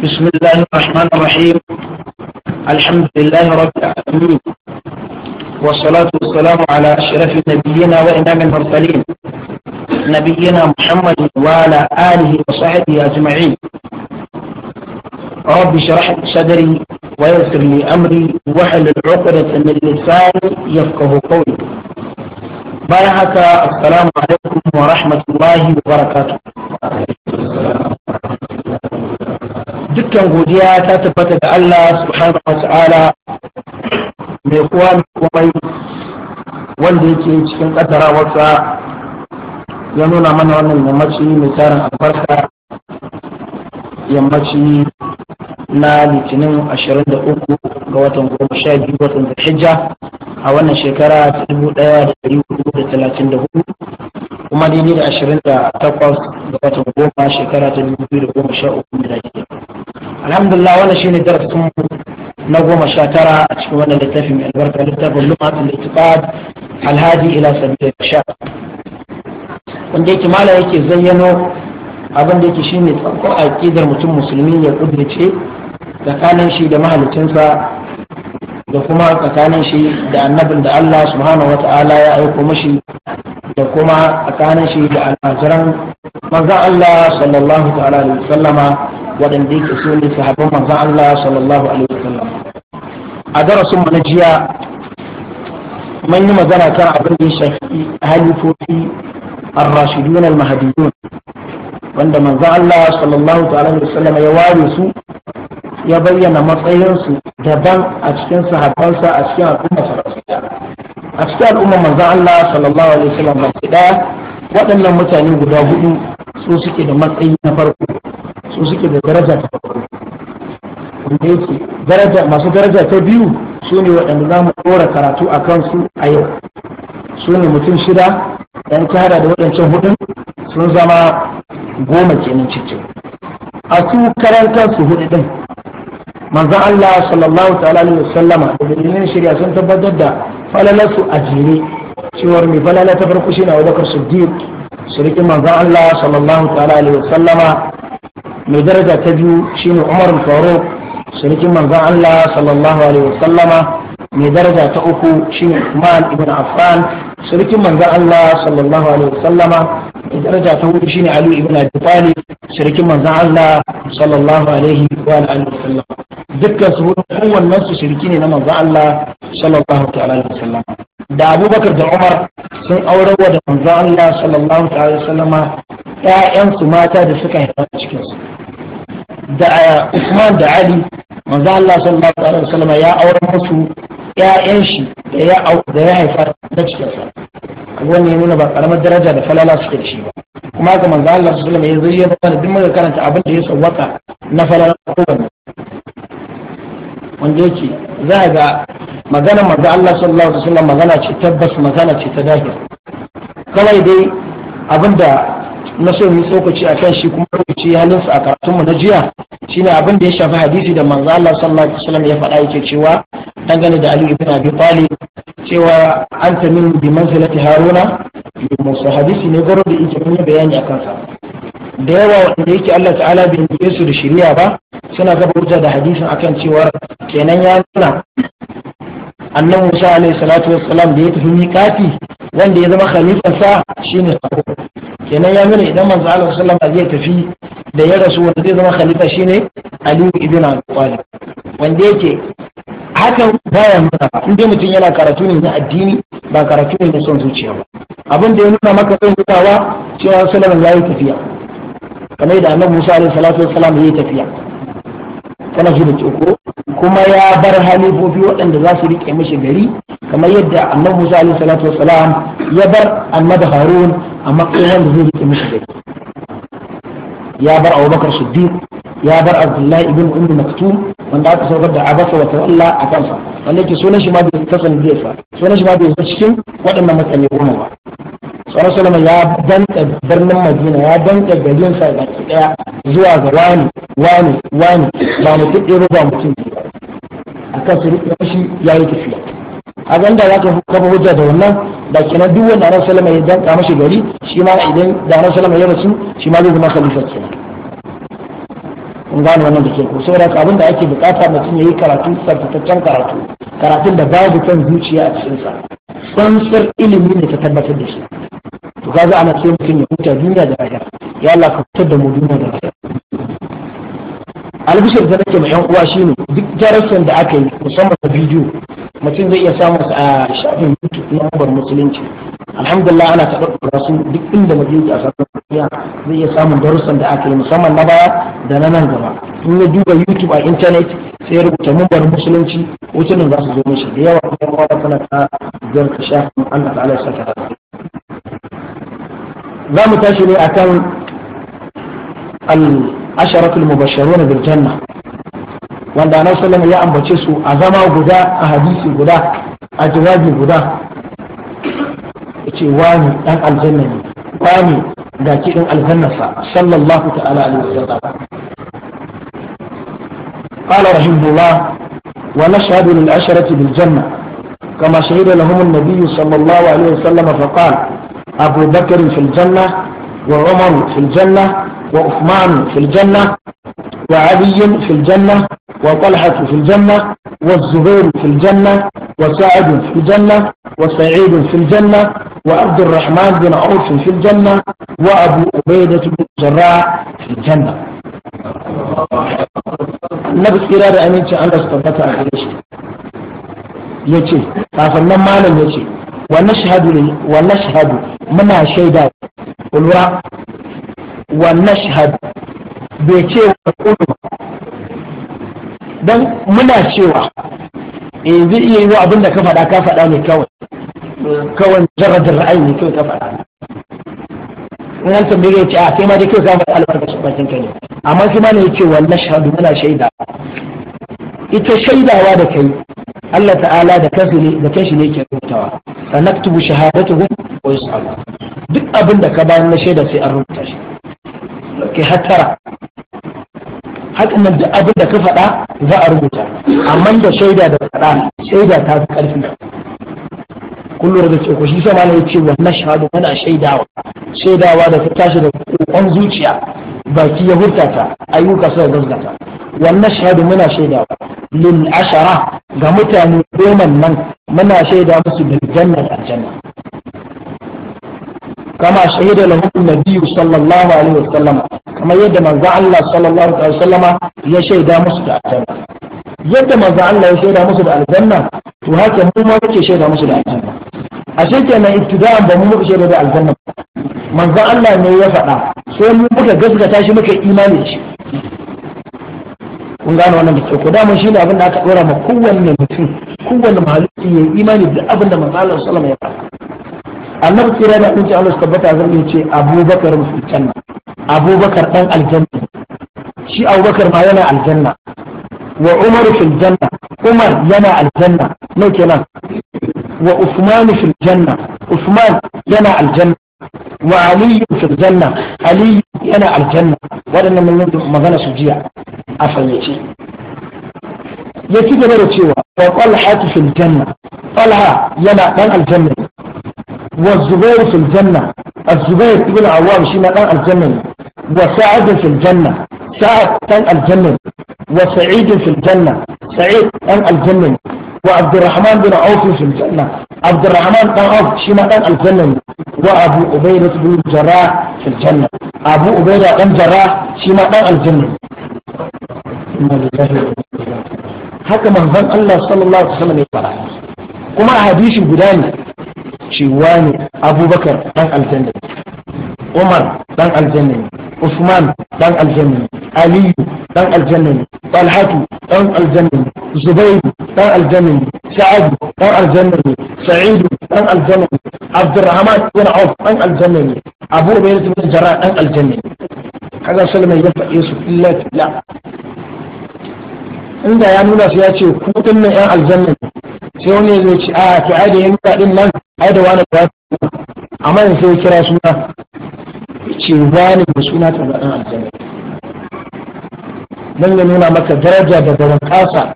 بسم الله الرحمن الرحيم الحمد لله رب العالمين والصلاة والسلام على أشرف نبينا وإمام المرسلين نبينا محمد وعلى آله وصحبه أجمعين رب اشرح لي صدري ويسر لي أمري وحل العقدة من لساني يفقه قولي بارك السلام عليكم ورحمة الله وبركاته dukkan godiya ta tabbata da Allah subhanahu wa ta'ala mai kowa mai komai wanda yake cikin kaddarawarsa ya nuna mana wannan yammaci mai tarin albarka yammaci na litinin 23 ga watan goma sha biyu watan hijja a wannan shekara ta dubu da da da dari talatin hudu kuma dai daidai da takwas ga watan goma shekara ta dubu biyu da goma sha 2013 miladiya alhamdulillah wannan ne darasin na goma sha tara a cikin wannan littafin mai albarka littafin lumatul itiqad alhaji ila da sha wanda yake mala yake zayyano abin da yake shine tsakkon aqidar mutum musulmi ya kudurce tsakanin shi da mahalicinsa da kuma tsakanin shi da annabin da Allah subhanahu wa ta'ala ya aiko mashi da kuma tsakanin shi da almajiran manzan Allah sallallahu ta'ala alaihi wasallama waɗanda yake so ne sahabban manzan Allah sallallahu alaihi wasallam a darasin mu na jiya mun yi magana kan abin da ya shafi halifofi ar-rashidun al-mahdiyun wanda manzan Allah sallallahu ta'ala alaihi wasallama ya ware su ya bayyana matsayinsu daban a cikin sahabbansa a cikin al'umma a cikin al'umma manzon Allah sallallahu alaihi wasallam ba da waɗannan mutane guda hudu su suke da matsayi na farko su suke da daraja ta farko wanda yake daraja masu daraja ta biyu su ne waɗanda za mu ɗora karatu a kansu a yau su ne mutum shida ɗan kada da waɗancan hudun sun zama goma kenan cikin a su karantar su hudu din manzon Allah sallallahu ta'ala alaihi wasallama da dalilin shari'a sun tabbatar da falalarsu a jere cewar mai falala ta farko shine Abubakar Siddiq shirikin manzon Allah sallallahu ta'ala alaihi wasallama mai daraja ta biyu shine Umar Faruq shirikin manzon Allah sallallahu alaihi wasallama mai daraja ta uku shine Uthman ibn Affan shirikin manzon Allah sallallahu alaihi wasallama mai daraja ta hudu shine Ali ibn Abi Talib shirikin manzon Allah sallallahu alaihi wa alihi wasallama dukkan su hudu kowannen su shirki ne na manzon Allah sallallahu ta'ala alaihi wasallam da Abubakar da Umar sun aurarwa da manzon Allah sallallahu ta'ala alaihi wasallama ƴaƴan su mata da suka haifa cikin su da eh, Usman da Ali manzon Allah sallallahu ta'ala alaihi wasallama ya aure musu ƴaƴan shi da ya da ya haifa da cikin sa wannan ne nuna ba karamar daraja da falala suke da shi ba kuma ga manzon Allah sallallahu alaihi wasallama ya zai ya duk muka karanta abin da ya sawwaka na falala kowanne wanda yake za a ga magana maza Allah sallallahu alaihi wasallam magana ce tabbas magana ce ta dahir kawai dai abinda na so mu tsokaci a kan shi kuma lokaci halinsa a karatunmu na jiya shine abin da ya shafi hadisi da manzo Allah sallallahu alaihi wasallam ya faɗa yake cewa dangane da Ali ibn Abi Talib cewa anta min bi manzilati Haruna bi Musa hadisi ne garo da yake mun bayani akan sa da yawa wanda yake Allah ta'ala bai yi su da shari'a ba suna gaba hujja da hadisin akan cewar kenan ya nuna annabi Musa alaihi salatu wassalam da ya tafi miƙati wanda ya zama khalifan sa shine sako kenan ya nuna idan manzo Allah sallallahu alaihi zai tafi da ya rasu wanda zai zama khalifa shine Ali ibn Abi Talib wanda yake hakan baya nuna in dai mutum yana karatu ne na addini ba karatu ne na son zuciya ba abin da ya nuna maka zai nunawa cewa sallallahu alaihi tafiya kamar da annabi Musa alaihi salatu wassalam ya tafiya kana shi da ciko kuma ya bar halifofi waɗanda za su riƙe mashi gari kamar yadda annabi Musa alaihi salatu wasalam ya bar annabi Harun a matsayin wanda zai rike mashi gari ya bar Abubakar Siddiq ya bar Abdullahi ibn Umm Maktum wanda aka saukar da Abasa wa Tawalla a kansa wanda yake sunan shi ma bai kasance zai sa sunan shi ma bai cikin waɗannan matsayin goma ba sarasulama salama ya danta birnin madina ya danta garin sa baki daya zuwa ga wani wani wani ba mu ɗaya ba mu cin a kan su riƙe shi ya yi tafiya a ganda za ka kafa hujja da wannan da kina duk wanda annabi salama ya danta mashi gari shi ma idan da annabi salama ya rasu shi ma zai zama khalifa kenan in gane wannan da ke ko saboda abin da ake bukata mutum ya yi karatu tsarkakaccen karatu karatun da babu kan zuciya a cikinsa tsantsar ilimi ne ta tabbatar da shi to kaga ana so mutum ya huta duniya da lahira ya Allah ka fitar da mu duniya da lahira albishir da nake mai yan uwa shine duk darasin da aka yi musamman da bidiyo mutum zai iya samu a shafin youtube na mabar musulunci alhamdulillah ana taɓa su duk inda mutum ke a sanar duniya zai iya samun darussan da aka yi musamman na baya da na nan gaba in ya duba youtube a internet sai ya rubuta mabar musulunci hotunan za su zo mishi da yawa kuma wata tana ta ziyarta shafin allah ta'ala ya saka za mu tashi ne akan al-asharatul mubashshiruna bil janna wanda annabi sallallahu ya ambace su a zama guda a hadisi guda a jawabi guda yace wani dan aljanna ne wani da aljanna aljannarsa sallallahu ta'ala alaihi wasallam قال رحمه الله ونشهد للعشرة بالجنة كما شهد لهم النبي صلى الله عليه وسلم فقال أبو بكر في الجنة وعمر في الجنة وعثمان في الجنة وعلي في الجنة وطلحة في الجنة والزبير في الجنة وسعد في الجنة وسعيد في الجنة وعبد الرحمن بن عوف في الجنة وأبو عبيدة بن الجراح في الجنة النبي صلى الله عليه وسلم أن tabbata أن gare shi ya ce kafin wa nashhadu muna shaida kulura wa nashhadu bai ce wa kudu dan muna cewa yanzu iya yi abin ka faɗa ka faɗa ne kawai kawai jaradar ra'ayi ne kawai ka faɗa wannan tambaye ya ce a kai ma dai kawai ka faɗa albarkacin bakin ka ne amma kuma ne ya ce wa shahadu muna shaida ita shaidawa da kai Allah ta'ala da kansu da kanshi ne yake rubutawa sanaktubu shahadatuhum wa yus'alu duk abin da ka bayar na shaida sai an rubuta shi kai hattara hakan nan duk abin da ka faɗa za a rubuta amma da shaida da faɗa shaida ta fi ƙarfi kullum da ce ko shi sama ne ce wannan shahadu kana shaidawa shaidawa da ta tashi da kokon zuciya baki ya hurta ta ayyuka suka gazgata wal nashhadu muna shaidawa lil ashara ga mutane goma nan muna shaida musu bil jannat aljanna kama shahida lahum nabiyyu sallallahu alaihi wasallam kamar yadda manzo Allah sallallahu alaihi wasallama ya shaida musu da aljanna yadda manzo Allah ya shaida musu da aljanna to haka mu ma muke shaida musu da aljanna ashe kenan ibtida'an ba mu muke shaida da aljanna manzo Allah ne ya faɗa sai mu muka gaskata shi muka imani shi kun gane wannan da kyau da mun shine abin da aka dora ma kowanne mutum kowanne mahaluki yayi imani da abin da manzo Allah sallallahu alaihi wasallam ya faɗa annabi kira da kun ce Allah tabbata zan yi ce Abubakar musulman Abubakar dan aljanna shi Abubakar ma yana aljanna wa Umar fil janna Umar yana aljanna ne kenan wa Usman fil janna Usman yana aljanna wa Ali fil janna Ali yana aljanna waɗannan mun magana su jiya a fayyace ya ci gaba da cewa wa talha fil janna talha yana dan aljanna wa zubair fil janna az-zubair ibn awwam shi ma dan aljanna wa sa'ad fil janna sa'ad dan aljanna wa sa'id fil janna sa'id dan aljanna وعبد الرحمن بن عوف في الجنة عبد الرحمن بن عوف شما كان الجنة وأبو أبيدة بن الجراح في الجنة أبو أبيدة بن shi شما كان الجنة haka manzon Allah sallallahu alaihi wasallam ya fara kuma a hadisin guda ne cewa ne Abubakar dan aljanna Umar dan aljanna Usman dan aljanna ne Aliyu dan aljanna ne dan aljanna ne Zubairu dan aljanna ne dan aljanna ne Sa'idu dan aljanna ne Abdurrahman ibn Auf dan aljanna Abu Ubayd ibn Jarrah dan aljanna ne kaga sallama ya faɗe su illa inda ya nuna su ya ce ku na yan aljanna sai wani zai ce a ki aida da yan dadin nan ai da wani da amma yanzu sai kira suna ce wani da suna ta da dan aljanna dan ya nuna maka daraja da daren kasa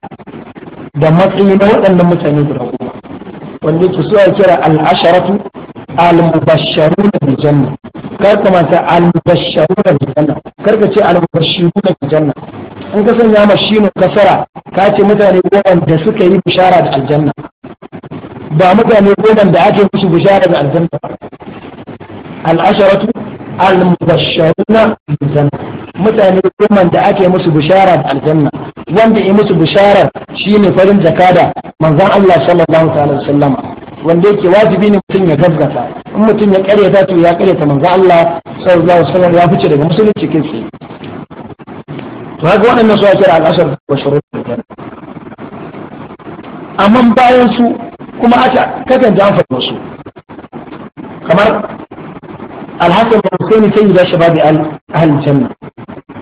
da matsayi na waɗannan mutane guda goma wanda ke so kira al-asharatu al-mubashsharuna bil ka kamata al-mubashshiruna janna kar ka ce al-mubashshiruna bil janna in ka sanya mashinu kasara ka ce mutane goma da suka yi bishara da aljanna ba mutane goma da ake musu bishara da aljanna ba. asharatu al-mubashshiruna bil janna mutane goma da ake musu bishara da aljanna wanda yi musu bisharar shine farin jakada manzon Allah sallallahu alaihi wasallam wanda yake wajibi ne mutum ya gaggata in mutum ya karyata to ya karyata manzo Allah sallallahu alaihi wasallam ya fice daga musulunci kai tsaye to haka waɗannan su ake al'asar wa shuruɗin amma bayan su kuma aka kakan da amfani su kamar alhassan da husaini sai da shababi ahlul janna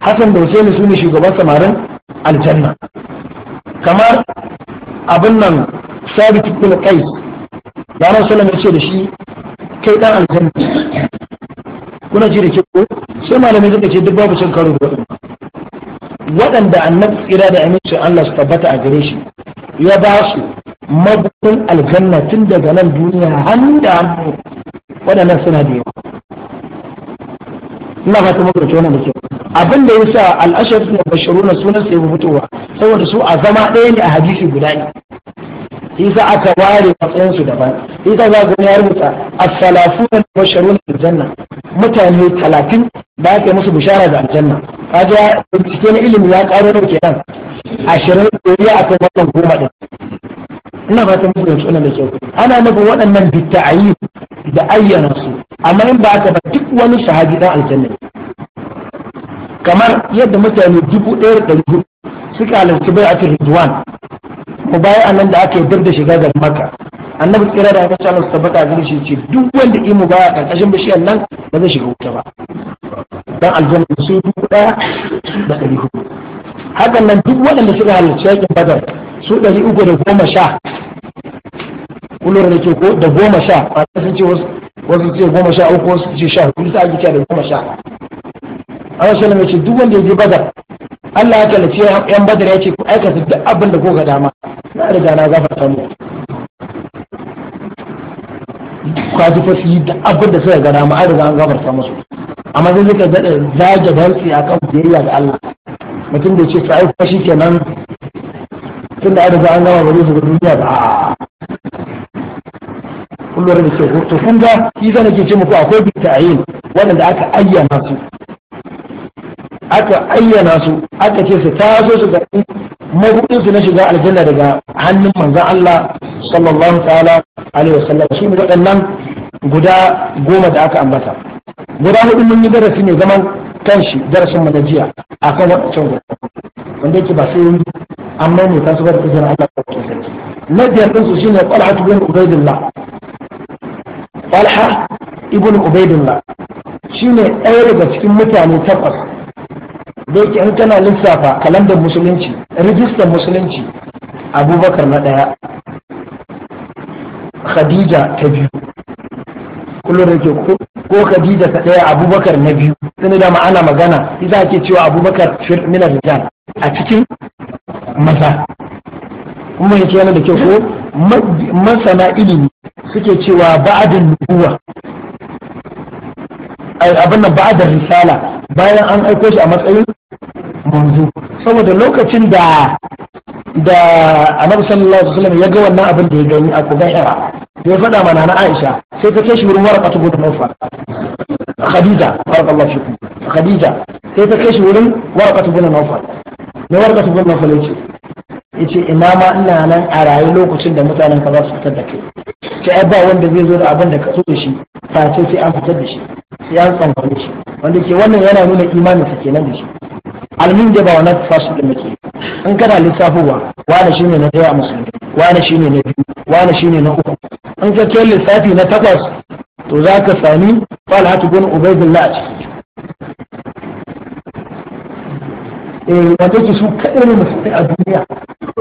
hassan da husaini su shugaban samarin aljanna kamar abin nan sabit ibn qais da ran sallam ya ce da shi kai dan aljanna kuna ji da ke ko sai malamai suka ce duk babu cin karo da waɗanda annabi tsira da amincin Allah su tabbata a gare shi ya ba su mabukin aljanna tun daga nan duniya hannu da hannu waɗannan suna da yawa ina fata muku da wannan da kyau abin da yasa al-ashar suna bashiru na sunan sai fitowa saboda su a zama ɗaya ne a hadisi guda ne isa aka ware matsayin su daban isa za ga ya rubuta as-salafuna basharun aljanna mutane 30 da ake musu bishara da aljanna ya bincike na ilimi ya karo da kenan 20 doriya akan wannan goma din ina ba ta musu da sunan da kyau ana nufin waɗannan bitta'ayi da ayyana su amma in ba ka ba duk wani shahadi dan aljanna kamar yadda mutane dubu ɗaya da ɗari suka halarci bai a ridwan mu baya nan da aka yi da shiga garin maka annabi tsira da aka Allah su tabbata gare shi ce duk wanda yi mu baya karkashin bishiyar nan ba zai shiga wuta ba dan aljanna su dubu daya da ɗari hudu hakan nan duk waɗanda suka halarci yakin badar su ɗari uku da goma sha kullum da ke ko da goma sha ba sun ce wasu ce goma sha uku wasu ce sha hudu ta ake da goma sha Allah sallam ya ce duk wanda ya je badar Allah ya kalace yan badar ya ce ku aikata duk abin da ko ga dama na riga na gafarta mu kwaji shi da abin da suka gana ma an riga an gafarta musu amma sai suka daɗa zage dantsi a kan biyayya ga Allah mutum da ce su ai fashi kenan tunda da an riga an gama ba su ga duniya ba kullum da ke to kun ga shi zan ke ce muku akwai bitayin waɗanda aka ayyana su aka ayyana su aka ce su taso su garin mabudin su na shiga aljanna daga hannun manzon Allah sallallahu ta'ala alaihi wasallam su ne waɗannan guda goma da aka ambata guda hudu mun yi darasi ne zaman kanshi darasin madajiya akan waɗancan guda wanda yake ba sai amma ne ta su bar izinin Allah ta sarki na biyar din su shine Talha ibn Ubaydillah Talha ibn Ubaydillah shine ɗaya daga cikin mutane takwas doki in kana lissafa kalandar musulunci rijistar musulunci abubakar na ɗaya khadija ta biyu kullum da ke ko khadija ta ɗaya abubakar na biyu tun da ma'ana magana isa ake cewa abubakar firmina rijal a cikin maza kuma yake yana da kyau ko masana ilimi suke cewa ba'adin nubuwa abin nan ba'adin risala bayan an aiko shi a matsayin manzo saboda lokacin da da annabi sallallahu alaihi wasallam ya ga wannan abin da ya gani a kogon yara, ya faɗa mana na Aisha sai ta kai shi wurin warqatu bin Nawfal Khadija barakallahu fiku Khadija sai ta kai shi wurin warqatu bin Na ne warqatu bin Nawfal yace yace imama ina nan a rayu lokacin da mutanen ka za su fitar da kai ta ai ba wanda zai zo da abin da ka so da shi ce sai an fitar da shi sai an tsankare shi wanda ke wannan yana nuna imanin sa kenan da shi almin da ba wani fasu da muke in kana lissafowa wani shine na daya musulmi wani shine na biyu wani shine na uku in ka kai lissafi na takwas to za ka sami falhatu bin ubaidullah a ciki eh wanda ki su kaɗai ne musulmi a duniya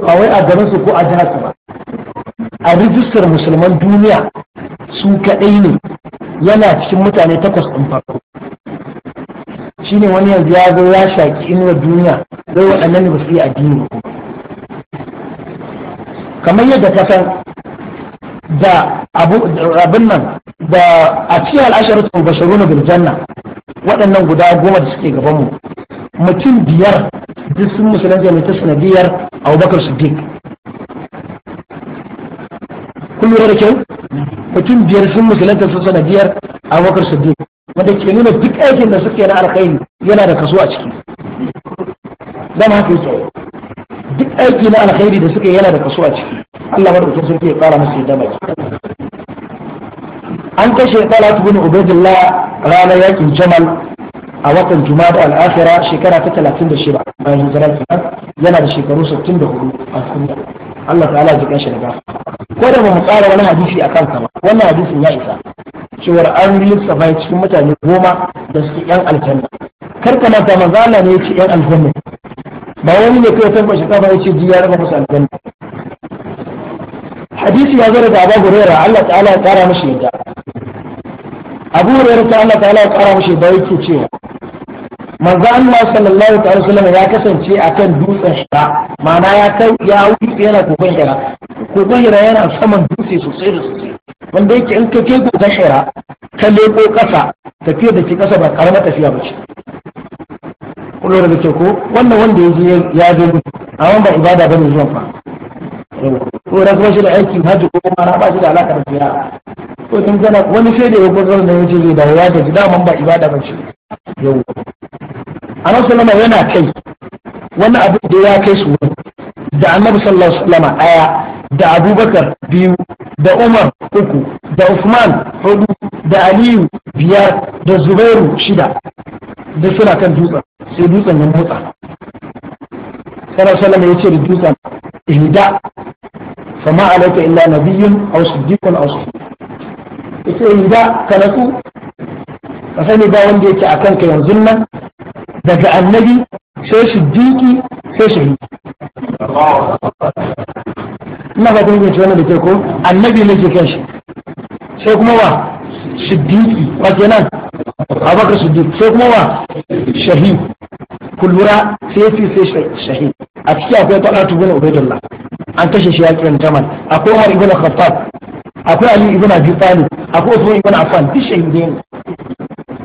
ba wai a garin su ko a jihar ba a rijistar musulman duniya su kaɗai ne yana cikin mutane takwas ɗin farko shine wani yanzu ya zo ya shaki inuwar duniya zai waɗannan ba su yi addini kamar yadda ka san da abin nan da a cikin al'asharatu basharuna bil janna waɗannan guda goma da suke gaban mu mutum biyar duk sun musulunci mai ta sanadiyar abubakar su Dik. Kullum da kyau mutum biyar sun musulunta sun sanadiyar abubakar Dik. wanda ke nuna duk aikin da suke na alkhairi yana da kaso a ciki dan haka yake duk aiki na alkhairi da suke yana da kaso a ciki Allah madaukakin sarki ya kara musu yadda baki an kashe Talat bin Ubaidillah ranar yakin Jamal a watan juma'a al-Akhira shekara ta 36 bayan hijira kenan yana da shekaru 64 a duniya Allah ta'ala ya kashe daga ko da mu tsara wani hadisi akan sa ba wannan hadisin ya isa cewar an yi sabai cikin mutane goma da suke yan aljanna kar ka manta manzo Allah ne ya ce yan aljanna ba wani ne kai san bashi kafa yace ji ya raba musu aljanna hadisi ya zara da Abu Hurairah Allah ta'ala ya kara mashi yadda Abu Hurairah ta Allah ta'ala ya kara mashi yadda yake cewa manzo Allah sallallahu alaihi wasallam ya kasance akan dutsen Hira ma'ana ya kai ya wuce yana kokon Hira kokon Hira yana saman dutse sosai da sosai wanda yake in ka je gobe shira ka leko ƙasa tafiyar da ke ƙasa ba karamar tafiya ba ce kullum da ke ko wannan wanda ya je ya zo amma ba ibada bane zuwa fa ko da kuma shi da aikin hajji ko kuma na ba shi da alaka da ziyara ko kin gana wani sai da ya gozar da ce zai dawo ya gaji daman ba ibada ba ce yau annabi sallama yana kai wani abu da ya kai su da annabi sallallahu alaihi wasallam aya da abubakar biyu da umar uku da usman hudu da aliyu biyar da zubairu shida da suna kan dutsen sai dutsen ya motsa sallallahu alaihi ya ce da dutsen ihda fama alaika illa nabiyyun aw siddiqun aw ita ihda kalatu ka sani ba wanda yake akan ka yanzu nan daga annabi sai siddiqi sai shahidi ina ba ta yanke wannan da ke ko annabi ne ke kan sai kuma wa siddiqi wa kenan abubakar siddiq sai kuma wa shahid kullura sai fi sai shahid a ciki akwai talatu bin ubaidullah an kashe shi yaƙin jamal akwai umar ibn khattab akwai ali ibn abi talib akwai usman ibn affan duk shahidai ne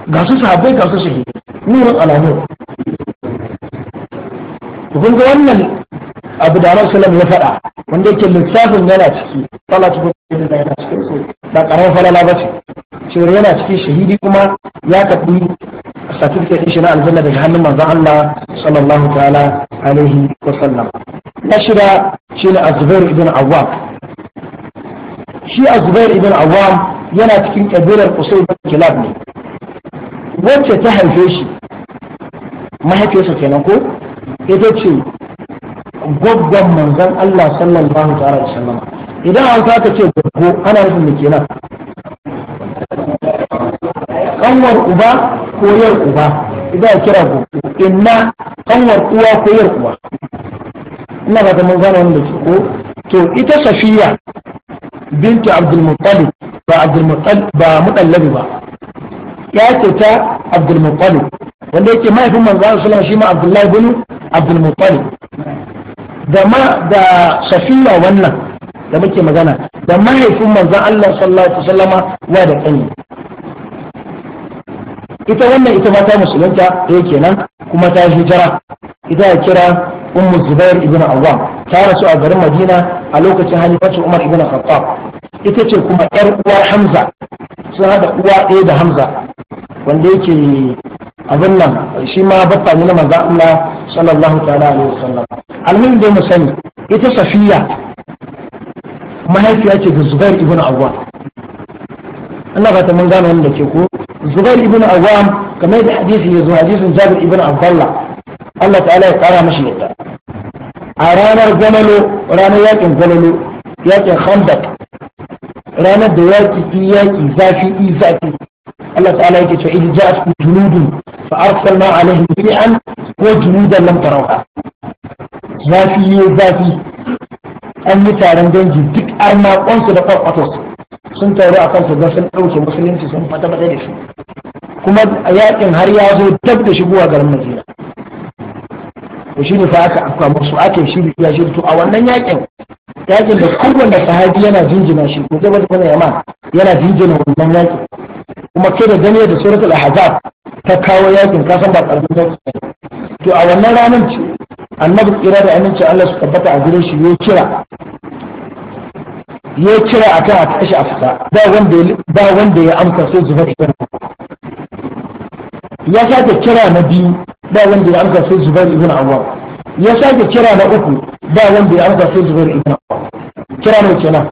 ga su sahabbai ga su shahidai nuna alamu kun ga wannan abu da rasu lam ya faɗa wanda yake lissafin yana ciki Allah ta kuma da yana cikin su ba karan falala ba ce cewa yana cikin shahidi kuma ya tafi certificate din shi na aljanna daga hannun manzon Allah sallallahu ta'ala alaihi wa sallam na shida shine Azubair ibn Awwam shi Azubair ibn Awwam yana cikin kabilar Qusay bin Kilab ne wacce ta haife shi mahaifiyarsa kenan ko ita ce gwaggon manzon Allah sallallahu ta'ala da sallama idan an saka ce gwaggo ana nufin me kenan kanwar uba ko yar uba idan a kira gwaggo inna kanwar uwa ko yar uba ina ba ta mun wanda ke ko to ita safiya bintu abdul ba abdul muttalib ba mudallabi ba ya ce ta abdul muttalib wanda yake mahaifin manzo sallallahu alaihi wasallam shi ma abdullahi bin abdul da ma da safiya wannan da muke magana da mahaifin manzon Allah sallallahu alaihi wasallama wa da kani ita wannan ita mata musulunta ɗaya eh, kenan kuma ta hijira ita ya kira ummu zubair ibn awwam ta rasu a garin madina a lokacin halifatu umar ibn khattab ita ce kuma yar uwar hamza suna da uwa ɗaya da hamza wanda yake abin nan shi ma batta ne na manzan Allah sallallahu ta'ala alaihi wasallam almin dai mu sani ita safiya mahaifiya ce ga zubair ibn awwam Allah ba ta mun gane wanda ke ko zubair ibn awwam kamar da hadisi ya zo hadisin jabir ibn abdullah Allah ta'ala ya kara mashi yadda a ranar gwamalo ranar yakin gwamalo yakin khandak ranar da yaki i yaki zafi i zafi Allah ta'ala yake cewa in ja'at junudun fa arsalna alaihim ri'an wa junudan lam tarawha zafi ne zafi an yi taron dangi duk armaƙonsu da kwakwatos sun taru a kansu ga sun ɗauke musulunci sun fata fata da shi kuma yakin har ya zo dab da shigowa garin madina to shi aka afka musu ake shiri ya to a wannan yakin yakin da kowanne sahabi yana jinjina shi ko zai bada kuma yama yana jinjina wannan yakin kuma ke da ganiyar da suratul ahzab ta kawo yakin kasan ba karfin ne. to a wannan ranar ce annabi kira da aminci Allah su tabbata a gurin shi ya kira ya kira akan a tashi a fita ba wanda ba wanda ya amsa sai zubair ibn ya sake kira na biyu ba wanda ya amsa sai zubair ibn awwam ya sake kira na uku ba wanda ya amsa sai zubair ibn awwam kira ne kenan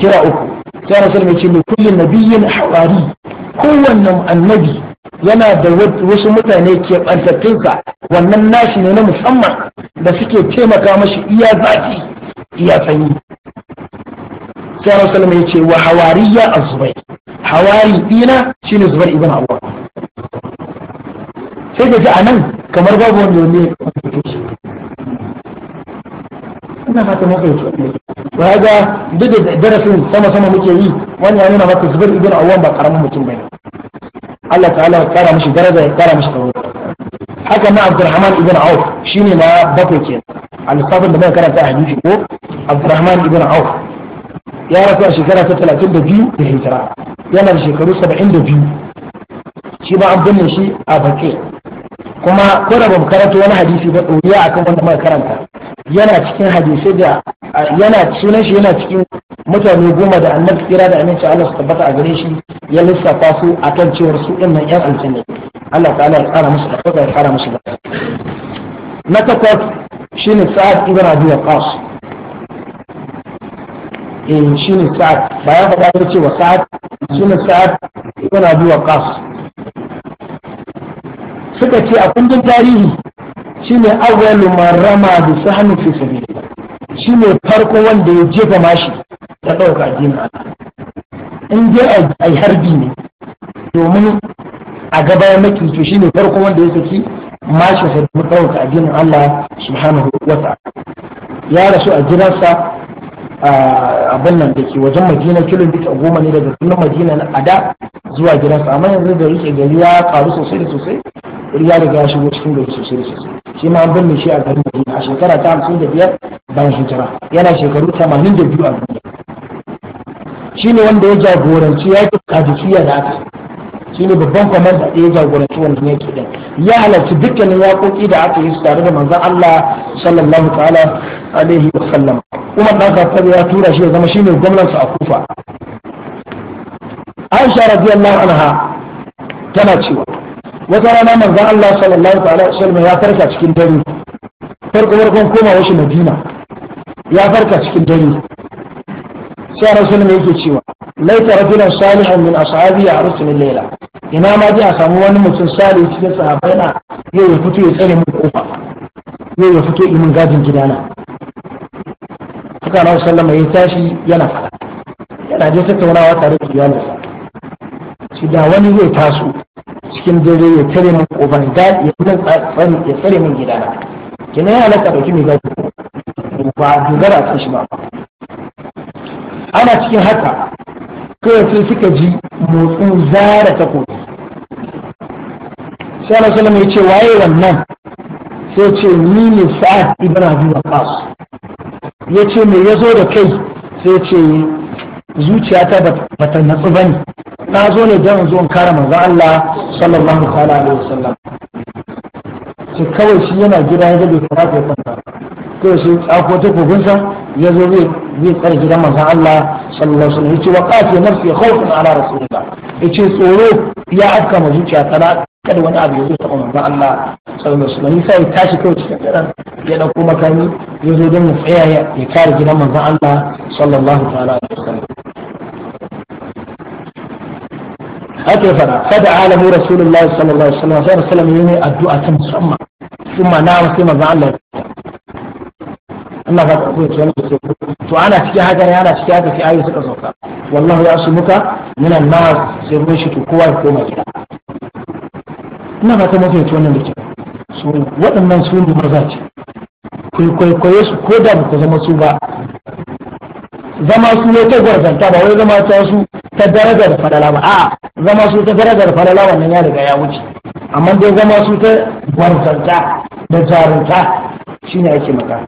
kira uku sai rasul mai ce kullu nabiyyin hawari kowanne annabi yana da wasu mutane ke ɓantattunsa wannan nashi ne na musamman da suke taimaka mashi iya zafi iya sanyi sai rasul mai ce wa hawariya a zubai hawari dina shine zubar ibn awwa sai da ji a nan kamar babu wanda ne ina fata mafi kaga duk da darasin sama sama muke yi wannan ya nuna maka zubar ibn awwam ba karamin mutum bane Allah ta'ala ya kara mishi daraja ya kara mishi tawo haka ma Abdurrahman ibn Auf shine na bakwai ke al-sabr da muka karanta a hadisi ko Abdurrahman ibn Auf ya rasu a shekara ta 32 da hijira yana da shekaru 72 shi ba an binne shi a bakai kuma ko da ba mu karanta wani hadisi ba ɗoriya akan wanda muka karanta yana cikin hadisai da yana sunan shi yana cikin mutane goma da annabi kira da aminci Allah su tabbata a gare shi ya lissafa su akan cewar su din nan yan aljanna Allah ta'ala ya tsara musu da ya tsara musu da na takwas shine sa'ad ibn abi waqas eh shine sa'ad bayan faɗa ya ce wa sa'ad shine sa'ad ibn abi waqas suka ce a kundin tarihi shine awwalu man rama bi sahmi fi sabilillah shine farko wanda ya jefa mashi ta dauka addinin Allah in je ai harbi ne domin a gaba maki to shine farko wanda ya saki mashi sa ta dauka addinin Allah subhanahu wa ta'ala ya rasu a gidansa abin nan da ke wajen madina kilomita goma ne daga sunan madina na ada zuwa gidansa amma yanzu da rike gari ya karu sosai da sosai ya riga ya shigo cikin gari sosai sosai shi ma an binne shi a garin Madina a shekara ta hamsin da biyar bayan hijira yana shekaru tamanin da biyu a duniya shi ne wanda ya jagoranci ya yaƙin kadisiya da aka shi ne babban kwamanda da ya jagoranci wannan yaƙi ɗin ya halarci dukkanin yaƙoƙi da aka yi su tare da manzon Allah sallallahu ta'ala alaihi wa sallam Kuma ɗan Khattab ya tura shi ya zama shine gwamnansa a Kufa Aisha radiyallahu anha tana cewa wata rana manzan Allah sallallahu alaihi shalma ya farka cikin dare farko farkon komawa shi Madina ya farka cikin dare sai rasul yake cewa laita rajulan salihan min ashabi ya rusul layla ina ma ji a samu wani mutum salihu cikin sahabbai na yau ya fito ya tsare min kofa yau ya fito imin gadin gidana suka na sallama ya tashi yana fada yana je tattaunawa tare da iyalinsa shi da wani zai taso cikin dare ya tare min ƙofar daɗi ya tsari ya tsare min na kina ya halatta ɗauki mai ba dogara cikin shi ba ana cikin haka kawai sai suka ji motsin zara takobi sai Allah sallama ya ce waye wannan sai ce ni ne sa'ad ibn abi waqas ya ce me ya zo da kai sai ce zuciyata ba ta natsu bane na zo ne don zo in kare manzon Allah sallallahu alaihi wasallam ce kawai shi yana gida ya bai kamata ya kwanta kawai shi tsako ta kofinsa ya zo zai tsare gidan manzon Allah sallallahu alaihi wasallam yace wa qati nafsi khawfan ala rasulillah yace tsoro ya afka ma zuciya tana kada wani abu ya zo ta manzon Allah sallallahu alaihi wasallam sai tashi kawai cikin daren ya dauko makami ya zo don ya tsaya ya kare gidan manzon Allah sallallahu alaihi wasallam ake fara fada alamu rasulullahi sallallahu alaihi wasallam sai rasulullahi yayi addu'a ta musamman kuma na sai manzon Allah Allah ba ku ce wannan sai to ana cikin haka ne ana cikin haka sai ayi suka sauka wallahu ya su muka an na sai mun shi to kowa ya koma gida ina ba ta mafi wannan da ke so waɗannan su ne maza ce kwaikwaye su ko da ba ku zama su ba zama su ne ta gwarzanta ba wai zama ta su ta darajar falala ba a zama su ta darajar falala wannan ya riga ya wuce amma dai zama su ta gwarzanta da jarunta shine ake maka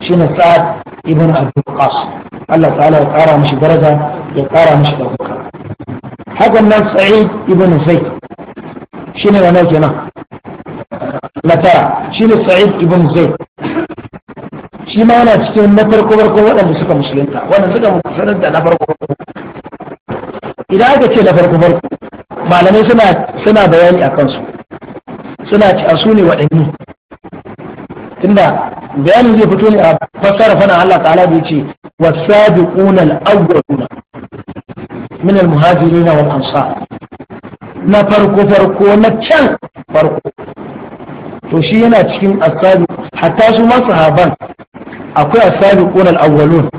shine sa'ad ibn abdul qas Allah ta'ala ya kara mishi daraja ya kara mishi dauka hakan nan sa'id ibn zaid shine wannan kenan latara shine sa'id ibn zaid shi ma yana cikin na farko farko waɗanda suka musulunta wannan suka musulunta na farko farko idan aka ce na farko farko malamai suna suna bayani a kansu suna ci a su ne waɗanne tunda bayanin zai fito ne a fassara fana Allah ta'ala da yace wasabiquna al-awwaluna min al-muhajirin wal ansar na farko farko na can farko to shi yana cikin asabi hatta su ma sahaban akwai asabiquna al-awwalun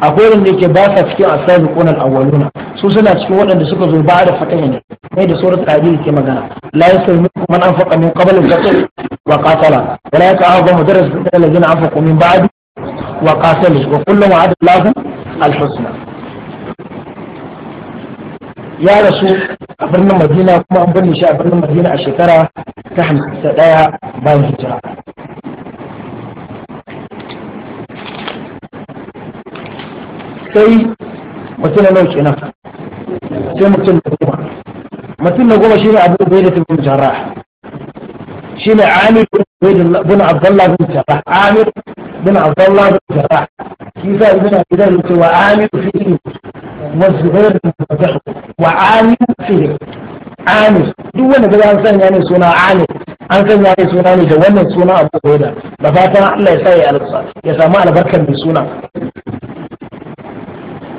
akwai wanda yake ba sa cikin asabiquna al-awwaluna su suna cikin waɗanda suka zo ba da fatahi ne mai da surat al ke magana la yasalmu man anfaqa min qabl al-qatl wa qatala wa la yaqa'u ba mudarris min alladhina anfaqu min ba'd wa qatalu wa kullu wa'ada lahu al-husna ya rasu a birnin madina kuma an binne shi a birnin madina a shekara ta 51 bayan hijira sai mutum na nau'i na sai mutum na goma mutum na goma ne abu bai da jara shi ne amir bin abdullah bin jara amir bin abdullah bin shi sa ibn abdullah ya ce wa amir fihi wa zubair bin fadh wa amir fihi amir duk wanda ga an sanya ne suna amir an sanya ne suna ne da wannan suna abu bai da fatan Allah ya sa ya samu albarkar mai suna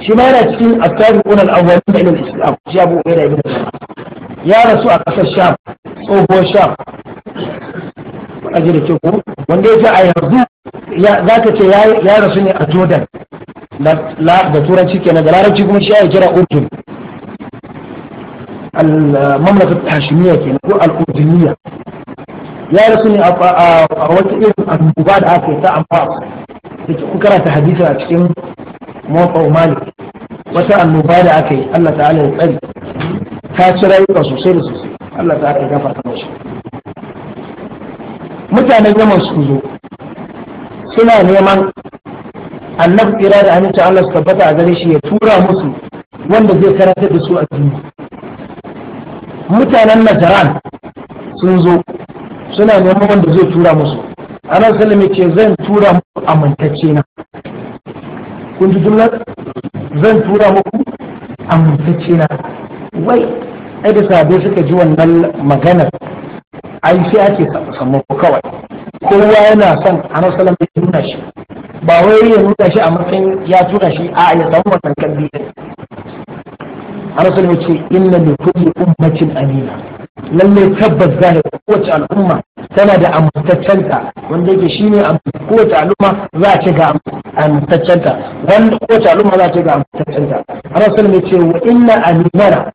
shi ma yana cikin asabiqun al-awwalin da ilil islam shi abu ubaida ibn ya rasu a ƙasar sham tsohuwar sham aje da ke ko wanda ya ce a yanzu za ka ce ya rasu ne a jordan da turanci kenan da larabci kuma shi ya kira urdun al-mamlakat hashimiyya kenan ko al-urduniyya ya rasu ne a wata irin annoba da aka yi ta amma da ke kuka karanta hadisa a cikin mota malik wata annoba da aka yi Allah ta'ala ya tsari ta ci rayuka sosai da sosai Allah ta'ala ya gafarta mashi mutanen yaman su zo suna neman annabi kira da aminta Allah su tabbata a gare shi ya tura musu wanda zai karanta da su a duniya mutanen najaran sun zo suna neman wanda zai tura musu Anan salimi ce zan tura mu amintacce na kun ji jimlar? zan tura muku amintacce na wai ai da sabo suka ji wannan maganar ai sai ake samu kawai kowa yana son annabi sallallahu alaihi nuna shi ba wai ya nuna shi a matsayin ya tura shi a ya samu wannan kalbi annabi sallallahu alaihi ce inna li kulli ummatin amina lalle tabbas zahir kowace al'umma tana da amintaccenta wanda yake shi ne kowace al'umma za ta ga amintaccenta wanda kowace al'umma za ta ga amintaccenta rasul ne ce wa inna aminana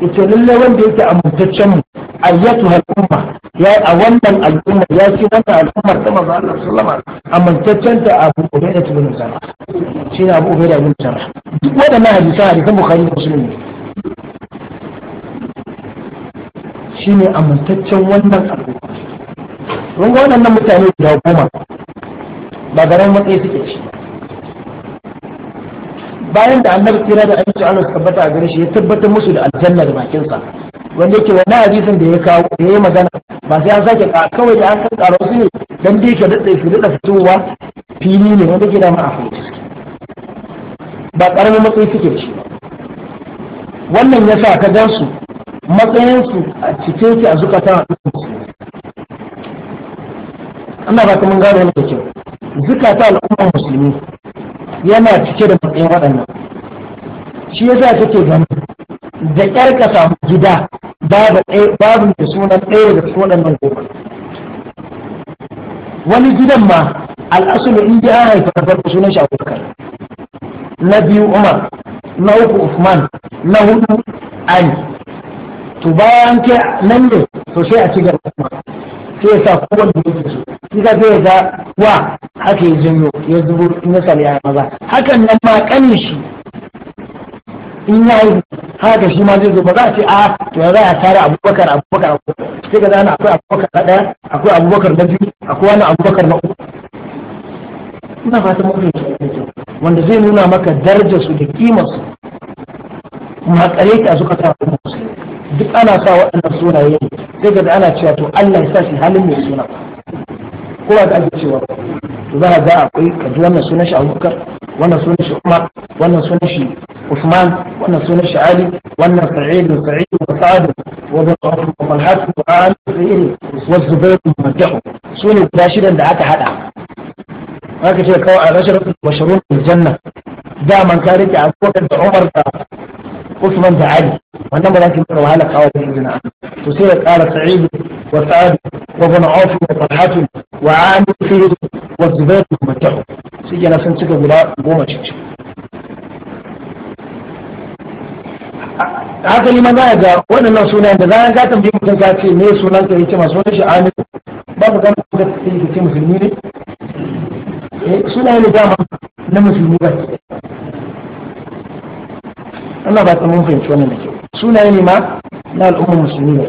ita lalle wanda yake amintaccen mu ayyatu al'umma ya a wannan al'umma ya ce wannan al'ummar ta maza Allah sallama amintaccenta abu ubaida ibn Shi shine abu ubaida ibn Salama duk wadannan hadisan hadisan bukhari da muslim ne ne amintaccen wannan al'umma mun ga waɗannan mutane guda goma ba garan matsayi suke ci bayan da annabi kira da aiki Allah tabbata a gare shi ya tabbatar musu da aljanna da bakinsa wanda yake wani hadisin da ya kawo da ya magana ba sai an sake ka kawai da an san karo su ne dan da yake dade su daɗa fitowa fili ne wanda ke da ma a ba ƙaramin matsayi suke ci wannan ya sa ka gansu matsayinsu a cikin ki a zukatan al'umma Allah ba ta mun gane da kyau zukata al'umma musulmi yana cike da matsayin waɗannan shi yasa kake gani da ƙyar ka samu gida babu da sunan ɗaya daga cikin waɗannan goma wani gidan ma al'asulu in ji an haifar da farko sunan shi na biyu umar na uku usman na hudu ali to bayan ke nan ne to sai a ci gaba sai ya sa kowanne yake so shi ka sai ga wa haka ya janyo ya zubo misali ya maza hakan nan ma kanin shi in ya yi haka shi ma zai zo ba za a ce a ah, to ya za a tara abubakar abubakar sai ka zana akwai abubakar na ɗaya akwai abubakar na biyu akwai wani abubakar na uku ina fata mafi wanda zai nuna maka darajar su da kimar su ma tsare ta suka ta musu. duk ana sa waɗannan sunaye sai ga ana cewa to Allah ya sa shi halin mai suna ko ba ake cewa to za ga akwai kaji wannan sunan shi Abubakar wannan sunan shi Umar wannan sunan shi Usman wannan sunan shi Ali wannan Sa'id da Sa'id da Sa'ad wa bin Auf wa Talhat wa Ali Sa'id wa Zubair bin Madahu sunan guda shidan da aka hada haka ce kawai a rashin basharun janna daman ka rike Abubakar da Umar da قلت من فعل وانما لكن مروا هلا قوات الجناء تسير قال سعيد وسعد وابن عوف وطلحات وعامل فيه والزبير ومتعه سيجنا سنسك بلا قوم شيش هذا لما نعجى وانا نصونا عند ذا انا قاتم بيه مكان كاتشي ميه سولان كي يتما سونيش عامل بابا كان قدت تيجي كتيم في الميني سولان اللي دام نمو في الموقات Allah ba ta mun fahimci wannan da kyau sunaye ne ma na al'ummar musulmi da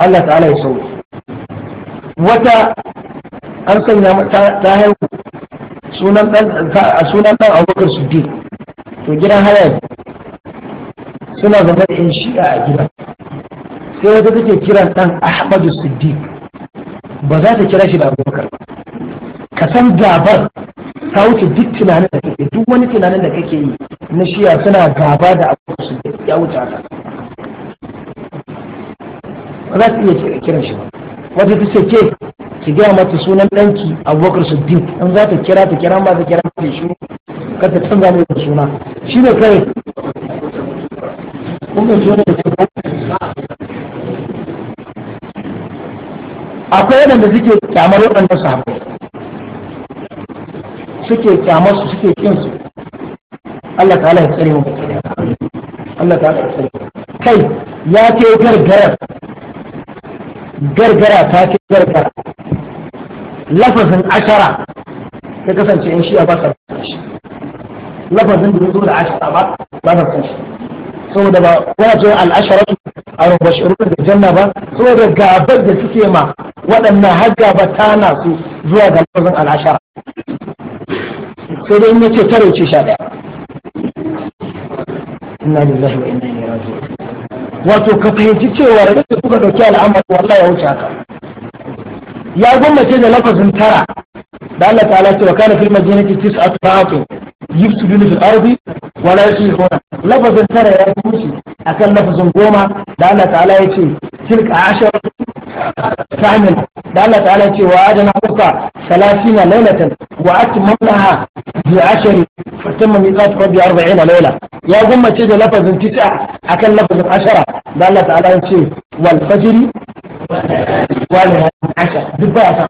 Allah ta'ala ya sauke wata an sanya mata ta haihu sunan dan a sunan dan Abubakar Siddiq to gidan haya suna zama da yan shi'a a gida sai wata take kiran dan Ahmadu Siddiq ba za ta kira shi da Abubakar ba ka san gabar ta wuce duk tunanin da kake duk wani tunanin da kake yi na shiya suna gaba da abu su ya wuce haka ba za su iya kiran shi ba wata ta ce ke ki gaya mata sunan ɗanki abubakar duk in za ta kira ta kira ba ta kira ta shi kar ta canza mai suna shi ne kai da akwai waɗanda suke kyamar su sahabbai suke kyamar su suke kin su Allah ta'ala ya tsare mu Allah ta'ala ya tsare kai ya ce gargara gargara ta ce gargara lafazin ashara ta kasance in shi'a ba sa shi lafazin da zo da ashara ba ba sa shi saboda ba wani zo al'asharatu a rubashirun da janna ba saboda gabar da suke ma waɗannan har gaba ta na su zuwa ga lafazin al'ashara sai dai in yace tara yace sha ɗaya. inna lillahi wa inna ilaihi raji'un wato ka fahimci cewa da kake kuka dauki al'amari wallahi ya wuce haka ya gwamnace da lafazin tara da Allah ta'ala wa kana fil madinati tis'atu ba'atu yufsiduna fil ardi wa la yuslihuna lafazin tara ya wuce akan lafazin goma da Allah ta'ala ya ce tilka asharatu sa'amin da Allah ta'ala ce wa adana uka salasina lailatan wa atmamnaha bi ashari fa tamma miqat rabbi 40 laila ya gummace da lafazin tis'a akan lafazin ashara da Allah ta'ala ya ce wal fajri wal ashar duk ba sa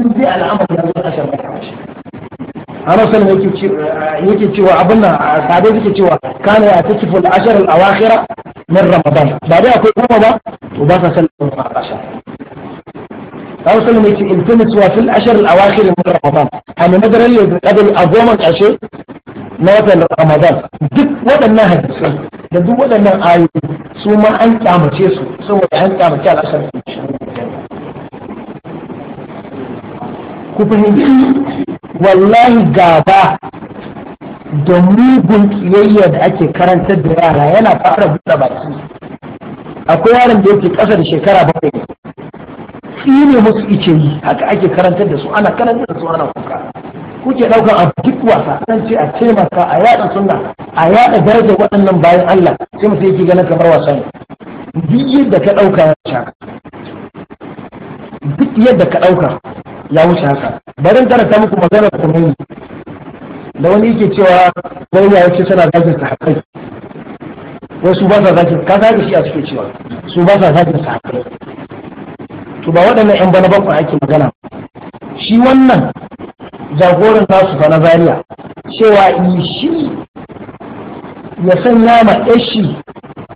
in dai al'amari ya zo ashar ba ana yake cewa abin nan suke cewa kana ya من رمضان بعدها كل رمضان وبقى سلم مع العشر أو سلم يتي التمس في العشر الأواخر من رمضان هم ندر اللي قبل أظلم العشر نوتن رمضان دك ولا نهد السلم دك ولا نهد سوما أنت عمر تيسو سوما أنت عمر كال عشر كوبهندي والله قابا da mugun kiyayya da ake karantar da yara yana fara buɗe baki akwai yaron da yake ƙasa da shekara bakwai ne musu ice yi haka ake karantar da su ana karantar da su ana kuka kuke ɗaukar a duk wasa kan ce a taimaka a yaɗa suna, a yaɗa darajar waɗannan bayan Allah sai mutum yake ganin kamar wasa ne duk yadda ka ɗauka ya wuce haka duk yadda ka ɗauka ya wuce haka bari in karanta muku maganar kumeni da wani yake cewa wani ya ce suna zagin wai su ba sa zagin ka zaga shi a suke cewa su ba sa zagin haƙai to ba waɗannan yan bana bakwai ake magana shi wannan jagoran nasu fa na Zariya cewa yi shi ya sanya ma ɗashi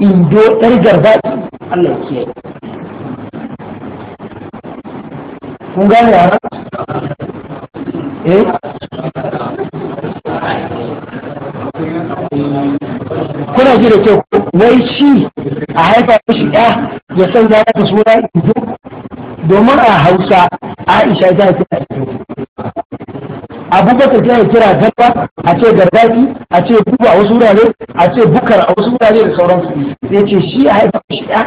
indo ɗar garbaɗi Allah ya kiyaye kun gane eh? kuna ji da kyau wai shi a haifa shi ya ya san za ta suna ido domin a hausa aisha ta kira abubakar ta kira garba a ce gargaji a ce buba a wasu wurare a ce bukar a wasu wurare da sauransu ya ce shi a haifa shi ya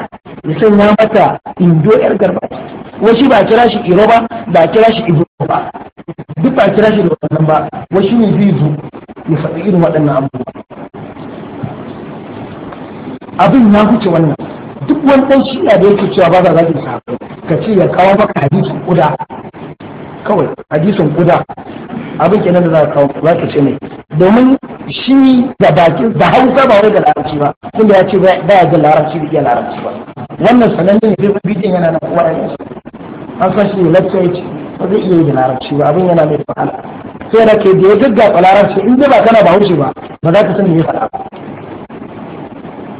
ya san ya mata indo yar garbaki wasu ba kira shi iro ba ba kira shi ibo ba duk ba kira shi da wannan ba wasu ne zai zo ya faɗi irin waɗannan abubuwa abin ya huce wannan duk wani ɗan shi'a da yake cewa ba za za ki sa ka ce ya kawo maka hadisin kuda kawai hadisin kuda abin kenan da za ka kawo za ka ce ne domin shi da baki da hausa ba wai da larabci ba tunda ya ce ba ya da larabci da iya larabci ba wannan sanannen ne bai bidiyon yana nan kuma ya an shi ne ya ce ba zai iya yi da larabci ba abin yana mai wahala sai da ke da ya gaggafa larabci in dai ba kana ba haushe ba ba za ka san me ya faɗa